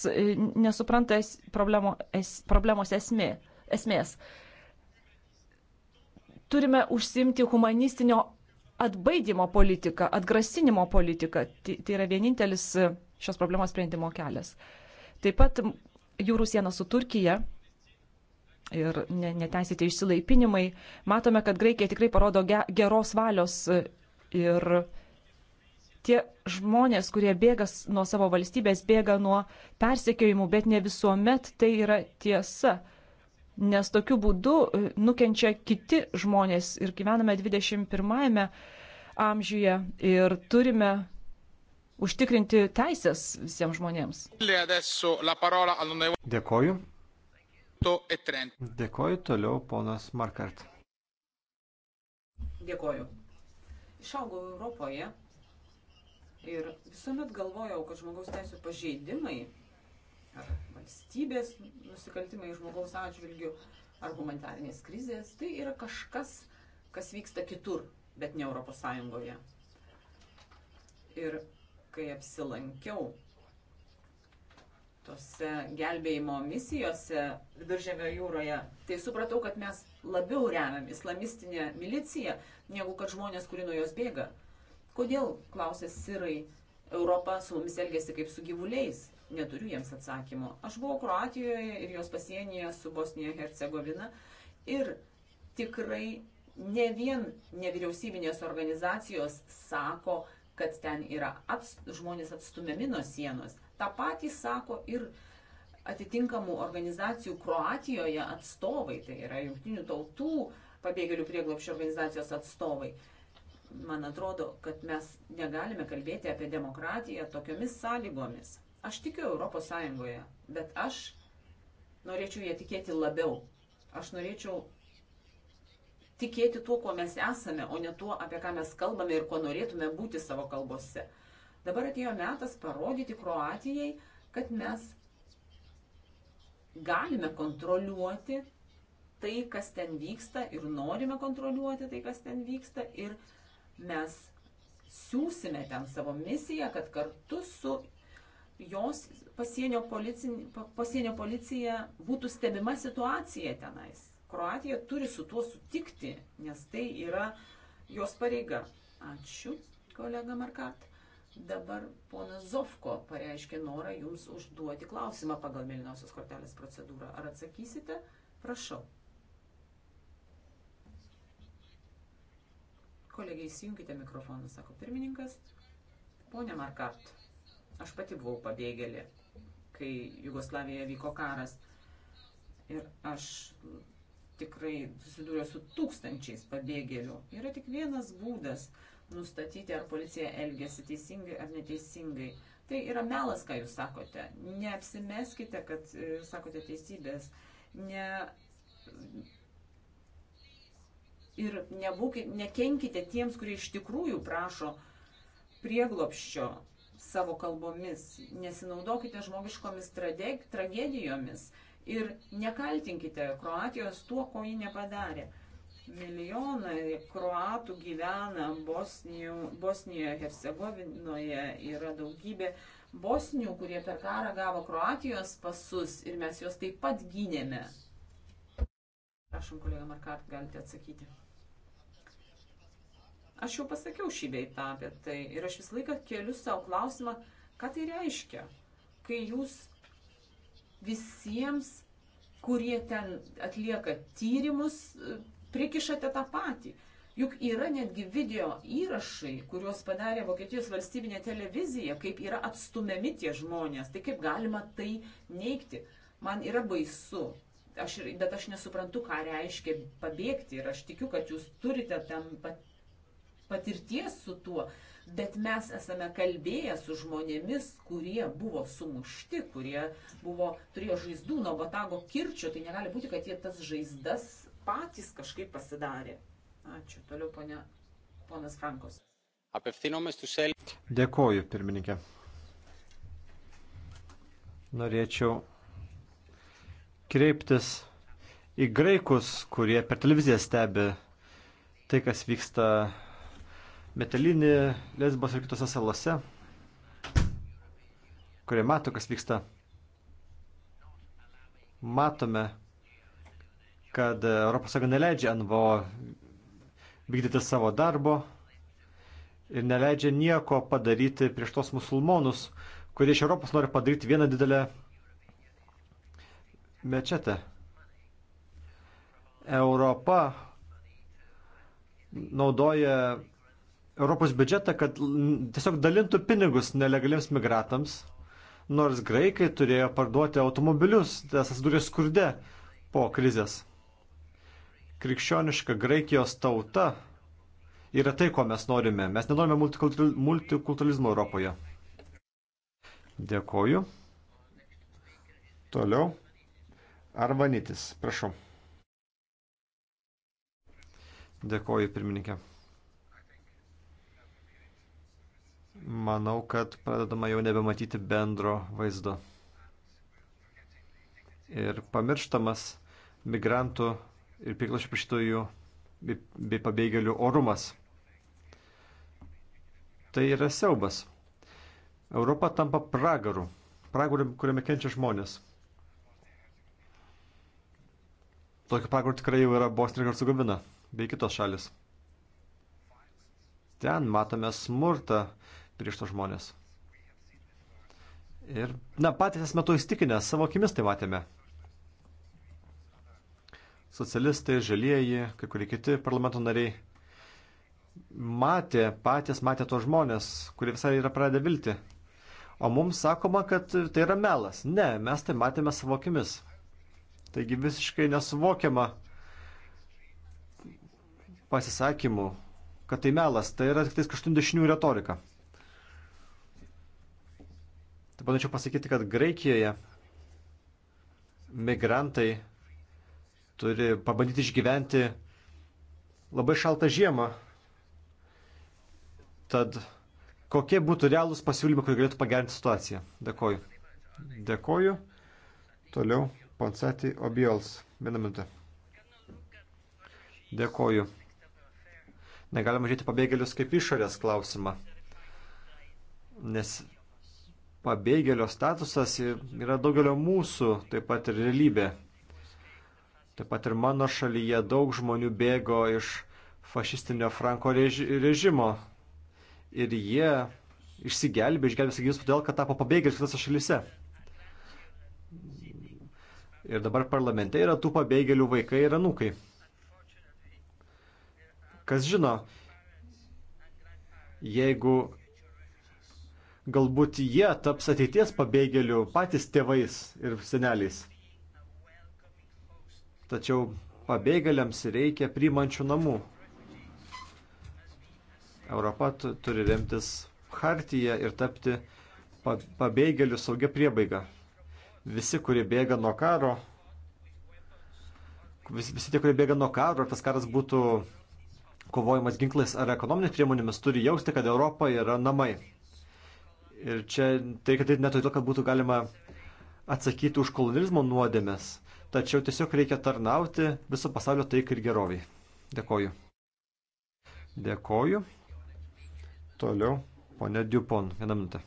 nesupranta es, problemo, es, problemos esmė, esmės. Turime užsimti humanistinio atbaidimo politiką, atgrasinimo politiką. Tai, tai yra vienintelis šios problemos sprendimo kelias. Taip pat jūrų siena su Turkija ir neteisėti išsilaipinimai, matome, kad Graikija tikrai parodo geros valios e, ir tie žmonės, kurie bėga nuo savo valstybės, bėga nuo persekiojimų, bet ne visuomet tai yra tiesa. Nes tokiu būdu e, nukenčia kiti žmonės ir gyvename 21-ame amžiuje ir turime užtikrinti teisės visiems žmonėms. Dėkoju. E Dėkoju toliau, ponas Markart. Dėkoju. Išaugau Europoje ir visuomet galvojau, kad žmogaus teisų pažeidimai ar valstybės nusikaltimai žmogaus atžvilgių ar humanitarinės krizės, tai yra kažkas, kas vyksta kitur, bet ne Europos Sąjungoje. Ir kai apsilankiau tose gelbėjimo misijose Viduržėmio jūroje, tai supratau, kad mes labiau remiam islamistinę miliciją, negu kad žmonės, kurie nuo jos bėga. Kodėl, klausė Sirai, Europa su mumis elgėsi kaip su gyvuliais? Neturiu jiems atsakymo. Aš buvau Kroatijoje ir jos pasienyje su Bosnija Hercegovina ir tikrai ne vien nevyriausybinės organizacijos sako, kad ten yra aps, žmonės atstumiami nuo sienos. Ta patį sako ir atitinkamų organizacijų Kroatijoje atstovai, tai yra jungtinių tautų pabėgėlių prieglopšio organizacijos atstovai. Man atrodo, kad mes negalime kalbėti apie demokratiją tokiomis sąlygomis. Aš tikiu Europos Sąjungoje, bet aš norėčiau ją tikėti labiau. Aš norėčiau tikėti tuo, kuo mes esame, o ne tuo, apie ką mes kalbame ir ko norėtume būti savo kalbose. Dabar atėjo metas parodyti Kroatijai, kad mes galime kontroliuoti tai, kas ten vyksta ir norime kontroliuoti tai, kas ten vyksta ir mes siūsime ten savo misiją, kad kartu su jos pasienio, policin, pasienio policija būtų stebima situacija tenais. Kroatija turi su tuo sutikti, nes tai yra jos pareiga. Ačiū, kolega Markat. Dabar ponas Zovko pareiškė norą jums užduoti klausimą pagal mėlynosios kortelės procedūrą. Ar atsakysite? Prašau. Kolegiai, įsijunkite mikrofoną, sako pirmininkas. Pone Markart, aš pati buvau pabėgėlė, kai Jugoslavija vyko karas. Ir aš tikrai susidūrė su tūkstančiais pabėgėlių. Yra tik vienas būdas nustatyti, ar policija elgėsi teisingai ar neteisingai. Tai yra melas, ką jūs sakote. Neapsimeskite, kad e, sakote teisybės. Ne... Ir nebūkite, nekenkite tiems, kurie iš tikrųjų prašo prieglopščio savo kalbomis. Nesinaudokite žmogiškomis tragedijomis. Trage ir nekaltinkite Kroatijos tuo, ko ji nepadarė. Milijonai kroatų gyvena Bosnijų, Bosnijoje, Hercegovinoje, yra daugybė bosnių, kurie per karą gavo Kroatijos pasus ir mes juos taip pat gynėme. Prašom, kolega Markart, galite atsakyti. Aš jau pasakiau šį beitą apie tai ir aš visą laiką keliu savo klausimą, ką tai reiškia, kai jūs visiems, kurie ten atlieka tyrimus, prikišate tą patį. Juk yra netgi video įrašai, kuriuos padarė Vokietijos valstybinė televizija, kaip yra atstumiami tie žmonės, tai kaip galima tai neikti. Man yra baisu, aš, bet aš nesuprantu, ką reiškia pabėgti ir aš tikiu, kad jūs turite tam patirties su tuo. Uh, bet mes esame kalbėję su žmonėmis, kurie buvo sumušti, kurie buvo, turėjo žaizdų nuo botago kirčio, tai negali būti, kad jie tas žaizdas patys kažkaip pasidarė. Ačiū. Toliau ponia, ponas Frankos. Dėkoju, pirmininkė. Norėčiau kreiptis į graikus, kurie per televiziją stebi tai, kas vyksta Metalinį, Lesbos ir kitose salose, kurie mato, kas vyksta, matome, kad ES neleidžia NVO vykdyti savo darbo ir neleidžia nieko padaryti prieš tos musulmonus, kurie iš Europos nori padaryti vieną didelę mečetę. Europa naudoja Europos biudžetą, kad tiesiog dalintų pinigus nelegaliems migratams, nors graikai turėjo parduoti automobilius, nes tai atsidūrė skurde po krizės. Krikščioniška Graikijos tauta yra tai, ko mes norime. Mes nenorime multikulturalizmo Europoje. Dėkoju. Toliau. Arvanitis, prašau. Dėkoju, pirmininkė. manau, kad pradedama jau nebematyti bendro vaizdo. Ir pamirštamas migrantų ir priklašių prašytojų bei pabėgėlių orumas. Tai yra siaubas. Europa tampa pragaru, pragaru, kuriame kenčia žmonės. Tokio pragaro tikrai jau yra Bosnija ir Hercegovina bei kitos šalis. Ten matome smurtą, prieš tos žmonės. Ir, na, patys esame to įstikinę, savo akimis tai matėme. Socialistai, žalieji, kai kurie kiti parlamento nariai matė, patys matė tos žmonės, kurie visai yra pradėję vilti. O mums sakoma, kad tai yra melas. Ne, mes tai matėme savo akimis. Taigi visiškai nesuvokiama pasisakymų, kad tai melas, tai yra tik tais kažkokių dešinių retorika. Tai panačiau pasakyti, kad Graikijoje migrantai turi pabandyti išgyventi labai šaltą žiemą. Tad kokie būtų realūs pasiūlymai, kurie galėtų pagerinti situaciją? Dėkoju. Dėkoju. Toliau Ponsati Obiols. Vieną minutę. Dėkoju. Negalima žiūrėti pabėgėlius kaip išorės klausimą, nes pabėgėlio statusas yra daugelio mūsų taip pat ir realybė. Taip pat ir mano šalyje daug žmonių bėgo iš fašistinio Franko režimo. Ir jie išsigelbė, išgelbė sakymus, todėl, kad tapo pabėgėliais kitose šalyse. Ir dabar parlamente yra tų pabėgėlių vaikai ir anūkai. Kas žino, jeigu galbūt jie taps ateities pabėgėlių patys tėvais ir seneliais. Tačiau pabėgėliams reikia priimančių namų. Europa turi remtis hartiją ir tapti pabėgėlių saugia priebaiga. Visi, kurie bėga nuo karo, visi, visi tie, kurie bėga nuo karo, ar tas karas būtų kovojimas ginklais ar ekonominės priemonėmis, turi jausti, kad Europa yra namai. Ir čia tai, kad tai ne todėl, kad būtų galima atsakyti už kolonizmo nuodėmės, tačiau tiesiog reikia tarnauti viso pasaulio taikai ir geroviai. Dėkoju. Dėkoju. Toliau, ponė Dupon, vieną minutę.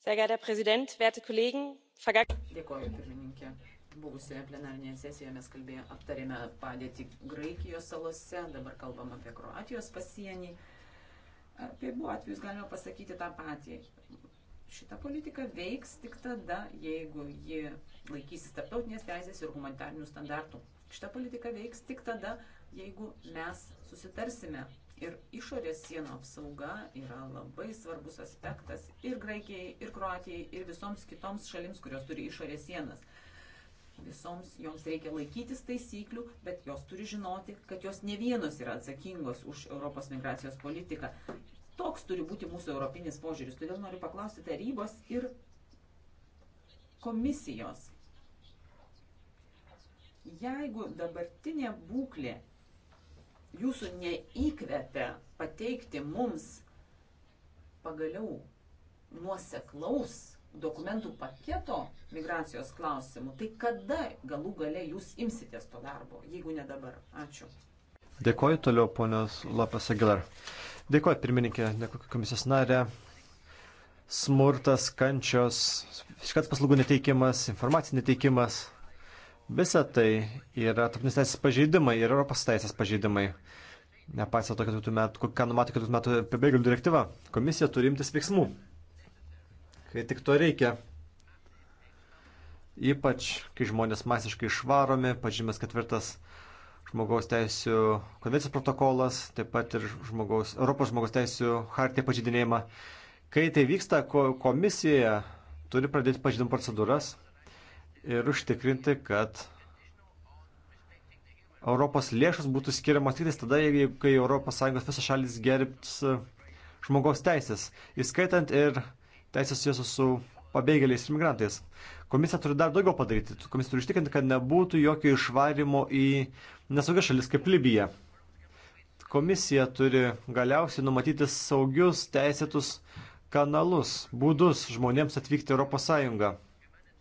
Sehr geehrter Herr Präsident, werte Kollegen, Dėkoju, pirmininkė. Buvusioje plenarinėje sesijoje mes kalbėjome, aptarėme padėtį Graikijos salose, dabar kalbam apie Kroatijos pasienį. Apie buvo atvejus galima pasakyti tą patį. Šita politika veiks tik tada, jeigu ji laikysis tarptautinės teisės ir humanitarnių standartų. Šita politika veiks tik tada, jeigu mes susitarsime. Ir išorės sienų apsauga yra labai svarbus aspektas ir Graikijai, ir Kroatijai, ir visoms kitoms šalims, kurios turi išorės sienas visoms joms reikia laikytis taisyklių, bet jos turi žinoti, kad jos ne vienos yra atsakingos už Europos migracijos politiką. Toks turi būti mūsų europinis požiūris. Todėl noriu paklausti tarybos ir komisijos. Jeigu dabartinė būklė jūsų neįkvepia pateikti mums pagaliau nuoseklaus dokumentų paketo migracijos klausimų, tai kada galų gale jūs imsitės to darbo, jeigu ne dabar? Ačiū. Dėkoju toliau, ponios Lopes Aguilar. Dėkoju, pirmininkė, dėkoju komisijos narė. Smurtas, kančios, iškart paslaugų neteikimas, informacijų neteikimas. Visa tai yra tarptautinės teisės pažeidimai ir Europos teisės pažeidimai. Nepaisant to, kad metų, ką numato kitų metų pabėgėlių direktyva, komisija turi imtis veiksmų kai tik to reikia. Ypač, kai žmonės masiškai išvaromi, pažymės ketvirtas žmogaus teisų konvencijos protokolas, taip pat ir žmogaus, Europos žmogaus teisų hartė pažydinėjimą. Kai tai vyksta, komisija turi pradėti pažydimų procedūras ir užtikrinti, kad Europos lėšos būtų skiriamos tik tada, jeigu, kai ES visos šalis gerbs žmogaus teisės, įskaitant ir teisės susijusios su pabėgėliais ir migrantais. Komisija turi dar daugiau padaryti. Komisija turi ištikrinti, kad nebūtų jokio išvarimo į nesaugias šalis kaip Libija. Komisija turi galiausiai numatyti saugius teisėtus kanalus, būdus žmonėms atvykti Europos Sąjungą,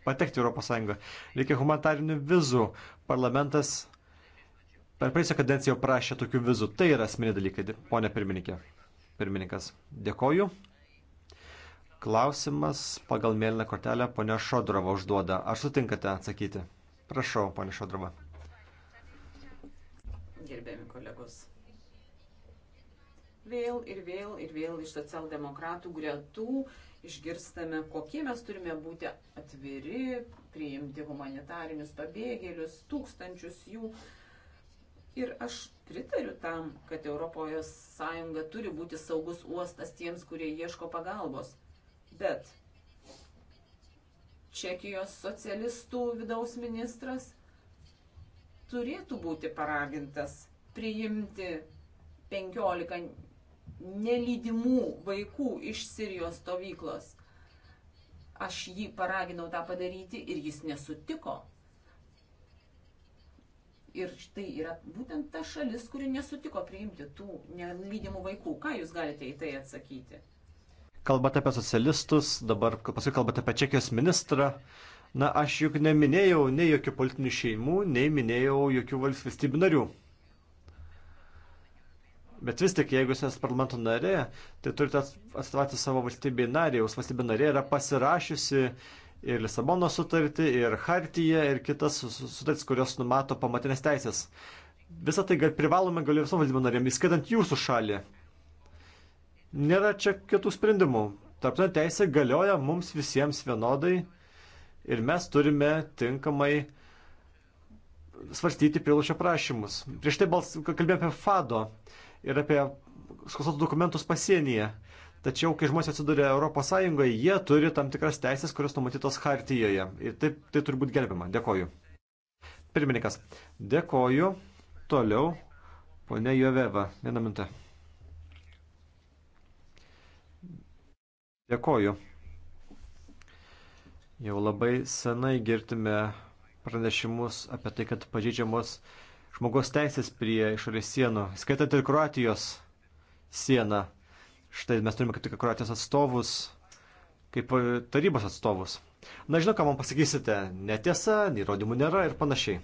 patekti Europos Sąjungą. Reikia humanitarinių vizų. Parlamentas per praėjusią kadenciją prašė tokių vizų. Tai yra asmeniai dalykai, ponė pirmininkė. Pirmininkas, dėkoju. Klausimas pagal mėlyną kortelę ponia Šodrova užduoda. Ar sutinkate atsakyti? Prašau, ponia Šodrova. Gerbėmi kolegos. Vėl ir vėl ir vėl iš socialdemokratų gretų išgirstame, kokie mes turime būti atviri, priimti humanitarinius pabėgėlius, tūkstančius jų. Ir aš pritariu tam, kad ES turi būti saugus uostas tiems, kurie ieško pagalbos bet Čekijos socialistų vidaus ministras turėtų būti paragintas priimti 15 nelydimų vaikų iš Sirijos stovyklos. Aš jį paraginau tą padaryti ir jis nesutiko. Ir štai yra būtent ta šalis, kuri nesutiko priimti tų nelydimų vaikų. Ką jūs galite į tai atsakyti? kalbate apie socialistus, dabar paskui kalbate apie Čekijos ministrą. Na, aš juk neminėjau nei jokių politinių šeimų, nei minėjau jokių valstybių narių. Bet vis tik, jeigu jūs esate parlamento narė, tai turite atstovauti savo valstybei narį. Jūsų valstybė narė yra pasirašiusi ir Lisabono sutartį, ir Hartiją, ir kitas sutartis, kurios numato pamatinės teisės. Visą tai gal, privalome galiu visom valstybėm narėm, įskaitant jūsų šalį. Nėra čia kitų sprendimų. Tarptautinė teisė galioja mums visiems vienodai ir mes turime tinkamai svarstyti prilušio prašymus. Prieš tai bals, kalbėjome apie FADO ir apie skulsotų dokumentus pasienyje. Tačiau, kai žmonės atsiduria Europos Sąjungoje, jie turi tam tikras teisės, kurios numatytos hartijoje. Ir taip tai turi būti gerbiama. Dėkoju. Pirmininkas, dėkoju. Toliau, ponė Joveva. Vieną minutę. Dėkoju. Jau labai senai girdime pranešimus apie tai, kad pažydžiamos žmogaus teisės prie išorės sienų, skaitant ir Kroatijos sieną. Štai mes turime kaip tik Kroatijos atstovus, kaip tarybos atstovus. Na, žinau, ką man pasakysite, netiesa, įrodymų nėra ir panašiai.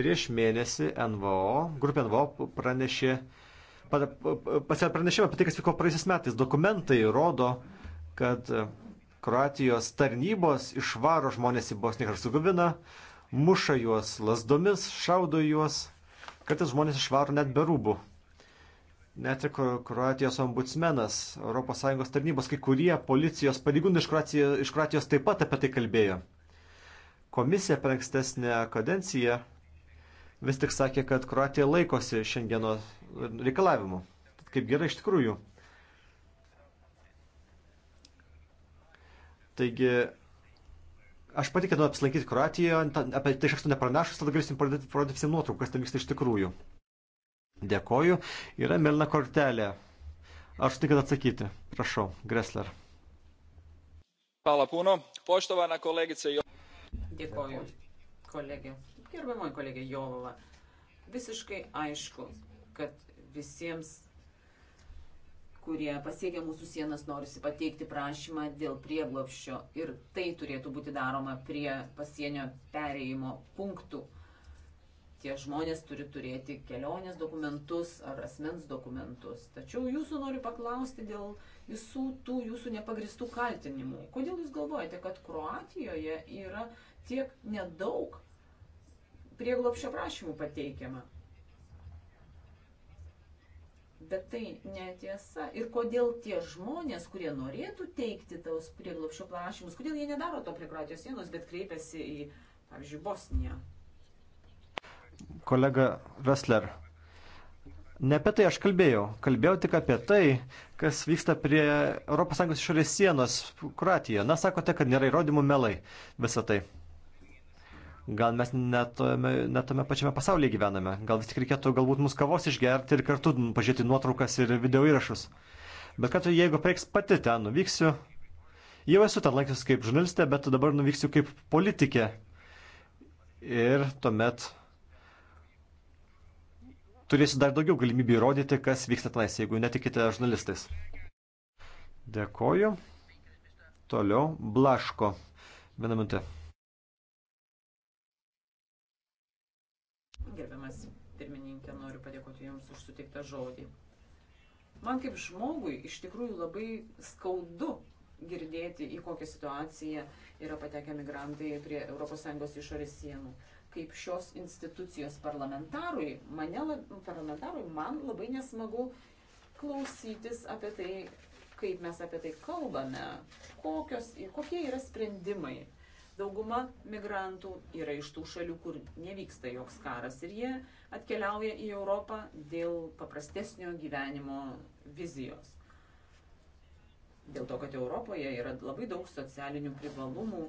Prieš mėnesį NVO, grupė NVO pranešė paskelbė pranešimą apie tai, kas vyko praeisiais metais. Dokumentai rodo, kad e, Kroatijos tarnybos išvaro žmonės į Bosniją ir Hercegoviną, muša juos lasdomis, šaudo juos, kartais žmonės išvaro net be rūbų. Net ir Kroatijos ombudsmenas, ES tarnybos, kai kurie policijos pareigūnai iš, Kroatijos, iš Kroatijos taip pat apie tai kalbėjo. Komisija per ankstesnę kadenciją vis tik sakė, kad Kroatija laikosi šiandieno reikalavimų. Tad kaip gerai iš tikrųjų. Taigi, aš pati ketinu apsilankyti Kroatijoje, apie tai iš anksto nepranašus, tada galėsim parodyti, parodyti visiems nuotraukas, kas ten vyksta iš tikrųjų. Dėkoju. Yra melna kortelė. Aš tik atsakyti. Prašau, Gressler. Hvala puno. Poštovana kolegice Jovova. Dėkoju, kolegė. Gerbiamoji kolegė Jovova. Visiškai aišku, kad visiems, kurie pasiekia mūsų sienas, norisi pateikti prašymą dėl prieglopščio ir tai turėtų būti daroma prie pasienio pereimo punktų. Tie žmonės turi turėti kelionės dokumentus ar asmens dokumentus. Tačiau jūsų noriu paklausti dėl visų tų jūsų nepagristų kaltinimų. Kodėl jūs galvojate, kad Kroatijoje yra tiek nedaug prieglopščio prašymų pateikiama? Bet tai netiesa. Ir kodėl tie žmonės, kurie norėtų teikti tos prieglopšio prašymus, kodėl jie nedaro to prie Kroatijos sienos, bet kreipiasi į, pavyzdžiui, Bosniją? Kolega Vesler, ne apie tai aš kalbėjau. Kalbėjau tik apie tai, kas vyksta prie ES išorės sienos Kroatijoje. Na, sakote, kad nėra įrodymų melai visą tai. Gal mes netome, netome pačiame pasaulyje gyvename. Gal vis tik reikėtų galbūt mus kavos išgerti ir kartu pažiūrėti nuotraukas ir video įrašus. Bet kad jeigu prieks pati ten nuvyksiu, jau esu ten lankiusi kaip žurnalistė, bet dabar nuvyksiu kaip politikė. Ir tuomet turėsiu dar daugiau galimybių įrodyti, kas vyksta tenais, jeigu netikite žurnalistais. Dėkoju. Toliau Blaško. Vieną minutę. Gerbiamas pirmininkė, noriu padėkoti Jums už sutiktą žodį. Man kaip žmogui iš tikrųjų labai skaudu girdėti, į kokią situaciją yra patekę migrantai prie ES išorės sienų. Kaip šios institucijos parlamentarui, mane, parlamentarui man labai nesmagu klausytis apie tai, kaip mes apie tai kalbame, kokios, kokie yra sprendimai Dauguma migrantų yra iš tų šalių, kur nevyksta joks karas ir jie atkeliauja į Europą dėl paprastesnio gyvenimo vizijos. Dėl to, kad Europoje yra labai daug socialinių privalumų,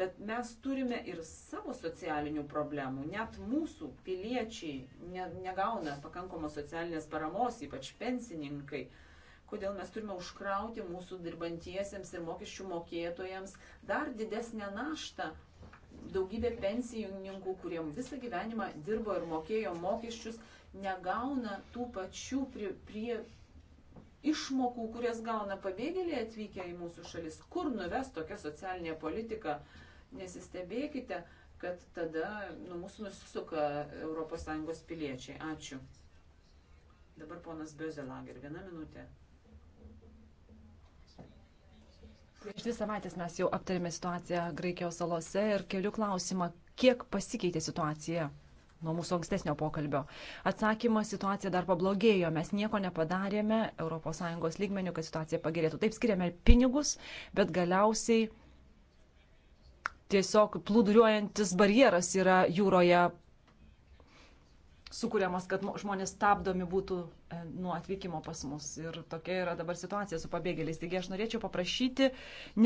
bet mes turime ir savo socialinių problemų. Net mūsų piliečiai ne, negauna pakankamos socialinės paramos, ypač pensininkai. Uh, kodėl mes turime užkrauti mūsų dirbantiesiems ir mokesčių mokėtojams dar didesnę naštą. Daugybė pensininkų, kuriem visą gyvenimą dirbo ir mokėjo mokesčius, negauna tų pačių prie, prie išmokų, kurias gauna pabėgėliai atvykę į mūsų šalis. Kur nuves tokia socialinė politika? Nesistebėkite, kad tada nuo mūsų nusisuka ES piliečiai. Ačiū. Dabar ponas Bezelager, viena minutė. Prieš dvi savaitės mes jau aptarėme situaciją Graikijos salose ir keliu klausimą, kiek pasikeitė situacija nuo mūsų ankstesnio pokalbio. Atsakymas - situacija dar pablogėjo, mes nieko nepadarėme ES lygmenių, kad situacija pagerėtų. Taip skiriame pinigus, bet galiausiai tiesiog plūduriuojantis barjeras yra jūroje sukūriamas, kad žmonės stabdomi būtų e, nuo atvykimo pas mus. Ir tokia yra dabar situacija su pabėgėliais. Taigi aš norėčiau paprašyti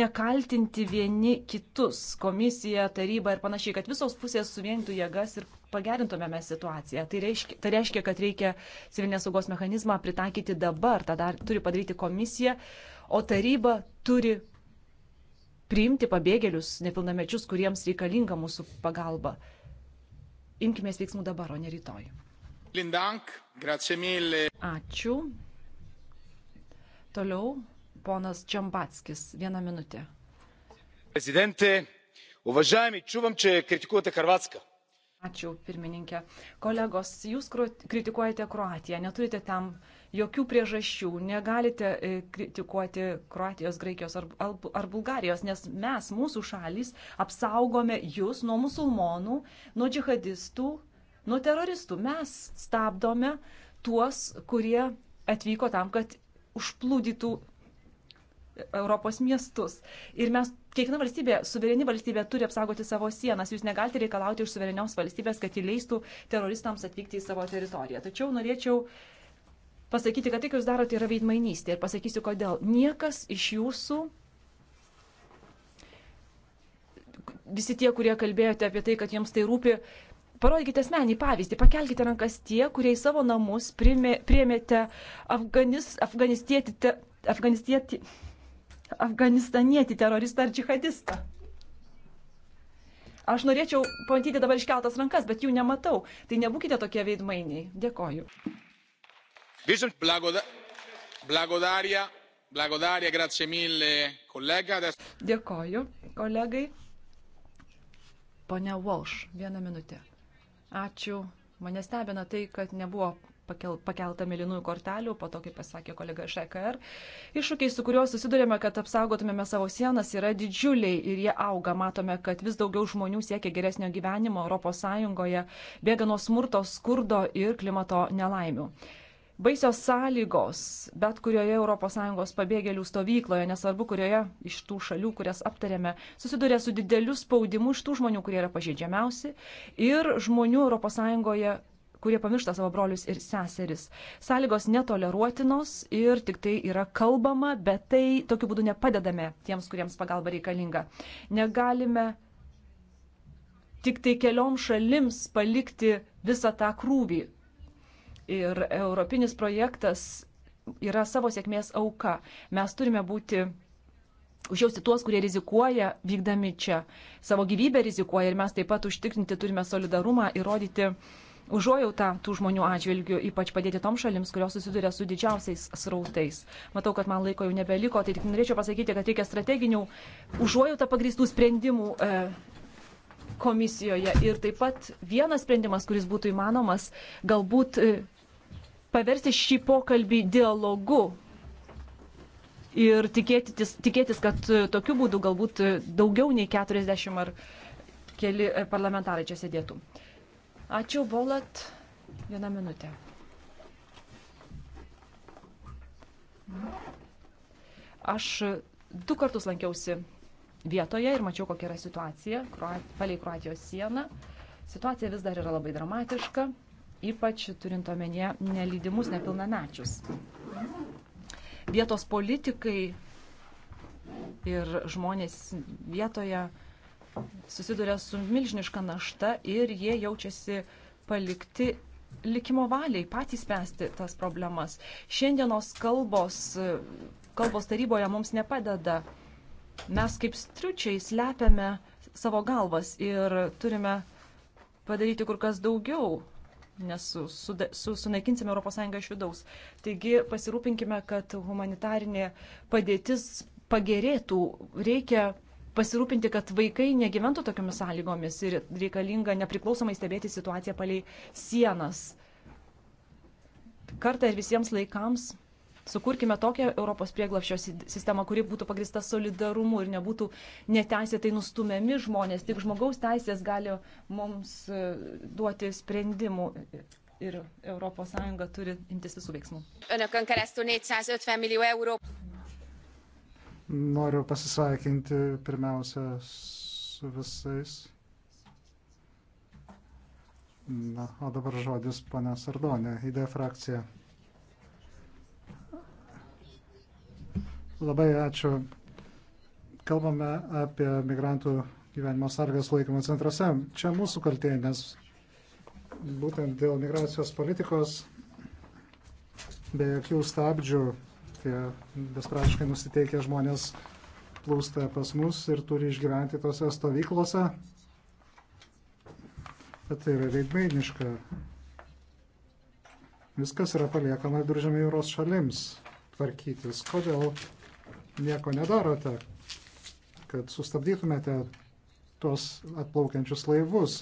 nekaltinti vieni kitus, komisiją, tarybą ir panašiai, kad visos pusės suvienytų jėgas ir pagerintumėme situaciją. Tai reiškia, tai reiškia kad reikia civilinės saugos mechanizmą pritaikyti dabar, tą dar turi padaryti komisija, o taryba turi priimti pabėgėlius, nepilnamečius, kuriems reikalinga mūsų pagalba imkimės veiksmų dabar, o ne rytoj. Ačiū. Toliau ponas Čambatskis. Vieną minutę. Prezidente, uvažiavami, čuvam, čia kritikuojate Hrvatską. Ačiū, pirmininkė. Kolegos, jūs kritikuojate Kroatiją, neturite tam jokių priežasčių, negalite e, kritikuoti Kroatijos, Graikijos ar, ar Bulgarijos, nes mes, mūsų šalis, apsaugome jūs nuo musulmonų, nuo džihadistų, nuo teroristų. Mes stabdome tuos, kurie atvyko tam, kad užplūdytų Europos miestus. Ir mes Kiekviena valstybė, suvereni valstybė turi apsaugoti savo sienas. Jūs negalite reikalauti iš suverenios valstybės, kad įleistų teroristams atvykti į savo teritoriją. Tačiau norėčiau pasakyti, kad tai, ką jūs darote, yra veidmainystė. Ir pasakysiu, kodėl. Niekas iš jūsų visi tie, kurie kalbėjote apie tai, kad jiems tai rūpi, parodykite asmenį pavyzdį, pakelkite rankas tie, kurie į savo namus priėmėte Afganis, afganistietį, afganistietį, afganistanietį teroristą ar džihadistą. Aš norėčiau pamatyti dabar iškeltas rankas, bet jų nematau. Tai nebūkite tokie veidmainiai. Dėkoju. Blagodarija, Blagodarija, grazie mille, kolega. Dėkoju, kolegai. Pone Walsh, vieną minutę. Ačiū. Mane stebina tai, kad nebuvo pakel, pakeltą mėlynųjų kortelių, po to, kaip pasakė kolega iš EKR. Iššūkiai, su kuriuo susidurėme, kad apsaugotumėme savo sienas, yra didžiuliai ir jie auga. Matome, kad vis daugiau žmonių siekia geresnio gyvenimo ES, bėga nuo smurto, skurdo ir klimato nelaimių. Baisios sąlygos bet kurioje ES pabėgėlių stovykloje, nesvarbu kurioje iš tų šalių, kurias aptarėme, susiduria su dideliu spaudimu iš tų žmonių, kurie yra pažeidžiamiausi ir žmonių ES kurie pamiršta savo brolius ir seseris. Sąlygos netoleruotinos ir tik tai yra kalbama, bet tai tokiu būdu nepadedame tiems, kuriems pagalba reikalinga. Negalime tik tai keliom šalims palikti visą tą krūvį. Ir europinis projektas yra savo sėkmės auka. Mes turime būti užjausti tuos, kurie rizikuoja vykdami čia, savo gyvybę rizikuoja ir mes taip pat užtikrinti turime solidarumą ir rodyti uh, užuojautą tų žmonių atžvilgių, ypač padėti toms šalims, kurios susiduria su didžiausiais srautais. Matau, kad man laiko jau nebeliko, tai tik norėčiau pasakyti, kad reikia strateginių užuojautą pagrįstų sprendimų e, komisijoje. Ir taip pat vienas sprendimas, kuris būtų įmanomas, galbūt e, paversti šį pokalbį dialogu. Ir tikėtis, tikėtis, kad e, tokiu būdu galbūt e, daugiau nei 40 ar keli e, parlamentarai čia sėdėtų. Ačiū, Volat. Vieną minutę. Aš du kartus lankiausi vietoje ir mačiau, kokia yra situacija palei Kroatijos sieną. Situacija vis dar yra labai dramatiška, ypač turint omenyje nelydimus nepilnamečius. Vietos politikai ir žmonės vietoje susiduria su milžiniška našta ir jie jaučiasi palikti likimo valiai patys spręsti tas problemas. Šiandienos kalbos, kalbos taryboje mums nepadeda. Mes kaip striučiai slepiame savo galvas ir turime padaryti kur kas daugiau, nes su, su, su, sunaikinsime ES iš vidaus. Taigi pasirūpinkime, kad humanitarinė padėtis pagerėtų. Reikia pasirūpinti, kad vaikai negyventų tokiamis sąlygomis ir reikalinga nepriklausomai stebėti situaciją palei sienas. Kartą ir visiems laikams sukurkime tokią Europos prieglapšio sistemą, kuri būtų pagrista solidarumu ir nebūtų neteisėtai nustumiami žmonės. Tik žmogaus teisės gali mums e, duoti sprendimų. Ir ES turi imtis visų veiksmų. Noriu pasisveikinti pirmiausia su visais. Na, o dabar žodis pana Sardonė, ID frakcija. Labai ačiū. Kalbame apie migrantų gyvenimo sargas laikymo centruose. Čia mūsų kaltė, nes būtent dėl migracijos politikos be jokių stabdžių tie bespratiškai nusiteikę žmonės plūsta pas mus ir turi išgyventi tose stovyklose. Bet tai yra veidmainiška. Viskas yra paliekama viduržėmio jūros šalims tvarkytis. Kodėl nieko nedarote, kad sustabdytumėte tuos atplaukiančius laivus?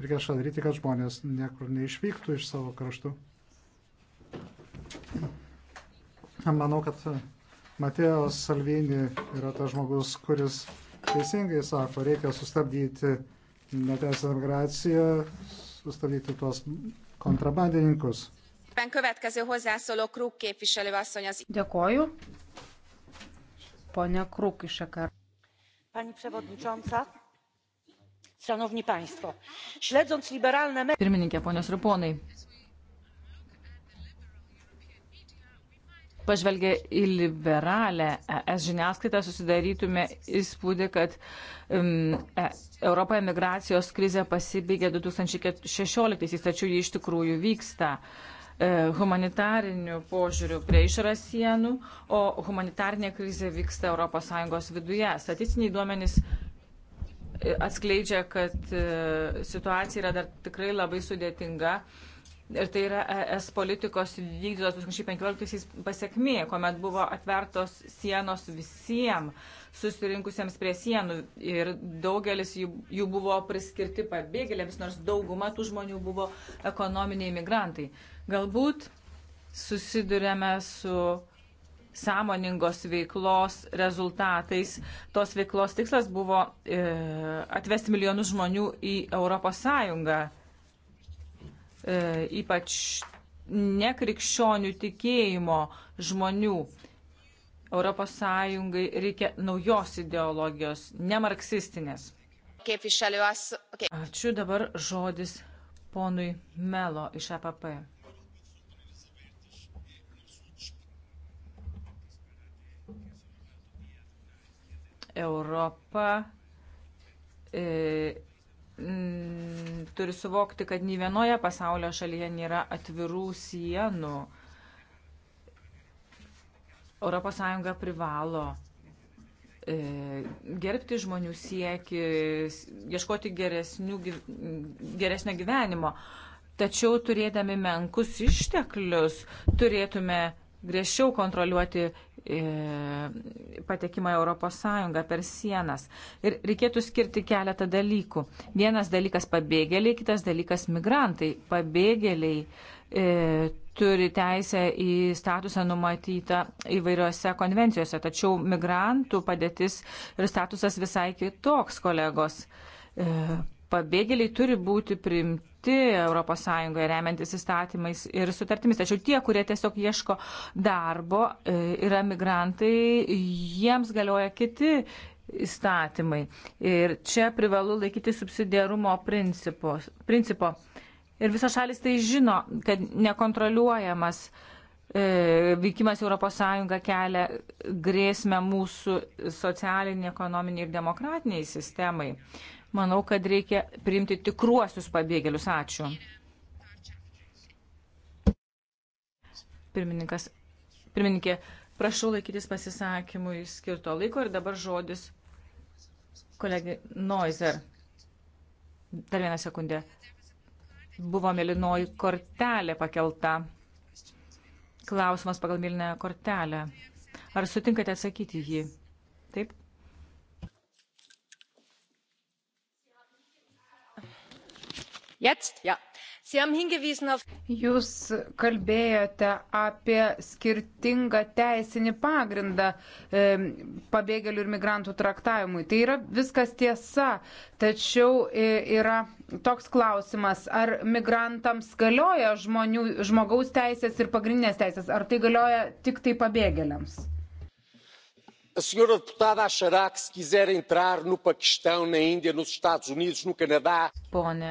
Reikia šadaryti, kad žmonės niekur neišvyktų iš savo kraštų. Manau, kad Mateo Salvini yra tas žmogus, kuris teisingai sako, reikia sustabdyti neteisę migraciją, sustabdyti tuos kontrabandininkus. Dėkoju. Pone Kruk iš Ekar. Pani Przewodnicząca, Szanowni Państwo, śledząc liberalne media. Pirmininkė, ponios ir ponai, pažvelgę į liberalę ES žiniasklaidą, susidarytume įspūdį, kad um, e, Europoje migracijos krizė pasibaigė 2016-aisiais, tačiau ji iš tikrųjų vyksta e, humanitariniu požiūriu prie išorės sienų, o humanitarinė krizė vyksta ES viduje. Statistiniai duomenys e, atskleidžia, kad e, situacija yra dar tikrai labai sudėtinga Ir tai yra ES politikos vykdytos 2015 pasiekmė, kuomet buvo atvertos sienos visiems susirinkusiems prie sienų ir daugelis jų, jų buvo priskirti pabėgėliams, nors dauguma tų žmonių buvo ekonominiai migrantai. Galbūt susidurėme su sąmoningos veiklos rezultatais. Tos veiklos tikslas buvo e, atvesti milijonus žmonių į Europos Sąjungą E, ypač nekrikščionių tikėjimo žmonių. Europos Sąjungai reikia naujos ideologijos, ne marksistinės. Ačiū dabar žodis ponui Melo iš APP. Europa e, m, mm, turi suvokti, kad nei vienoje pasaulio šalyje nėra atvirų sienų. ES privalo e, gerbti žmonių sieki, ieškoti geresnių, geresnio gyvenimo. Tačiau turėdami menkus išteklius turėtume griežčiau kontroliuoti e, patekimą Europos Sąjungą per sienas. Ir reikėtų skirti keletą dalykų. Vienas dalykas pabėgėliai, kitas dalykas migrantai. Pabėgėliai e, turi teisę į statusą numatytą įvairiose konvencijose, tačiau migrantų padėtis ir statusas visai kitoks, kolegos. E, pabėgėliai turi būti priimti ES remiantis įstatymais ir sutartimis. Tačiau tie, kurie tiesiog ieško darbo, e, yra migrantai, jiems galioja kiti įstatymai. Ir čia privalu laikyti subsidiarumo principos, principo. Ir visos šalis tai žino, kad nekontroliuojamas e, vykimas ES kelia grėsmę mūsų socialiniai, ekonominiai ir demokratiniai sistemai. E, Manau, kad reikia priimti tikruosius pabėgėlius. Ačiū. Pirmininkas, pirmininkė, prašau laikytis pasisakymui skirto laiko ir dabar žodis kolegi Noizer. Dar vieną sekundę. Buvo mėlynoji kortelė pakelta. Klausimas pagal mėlynąją kortelę. Ar sutinkate atsakyti jį? Jūs kalbėjote apie skirtingą teisinį pagrindą e, pabėgėlių ir migrantų traktavimui. Tai yra viskas tiesa, tačiau e, yra toks klausimas, ar migrantams galioja žmonių, žmogaus teisės ir pagrindinės teisės, ar tai galioja tik tai pabėgėliams? a senhora deputada achará que se quiser entrar no paquistão na índia nos estados unidos no canadá. pone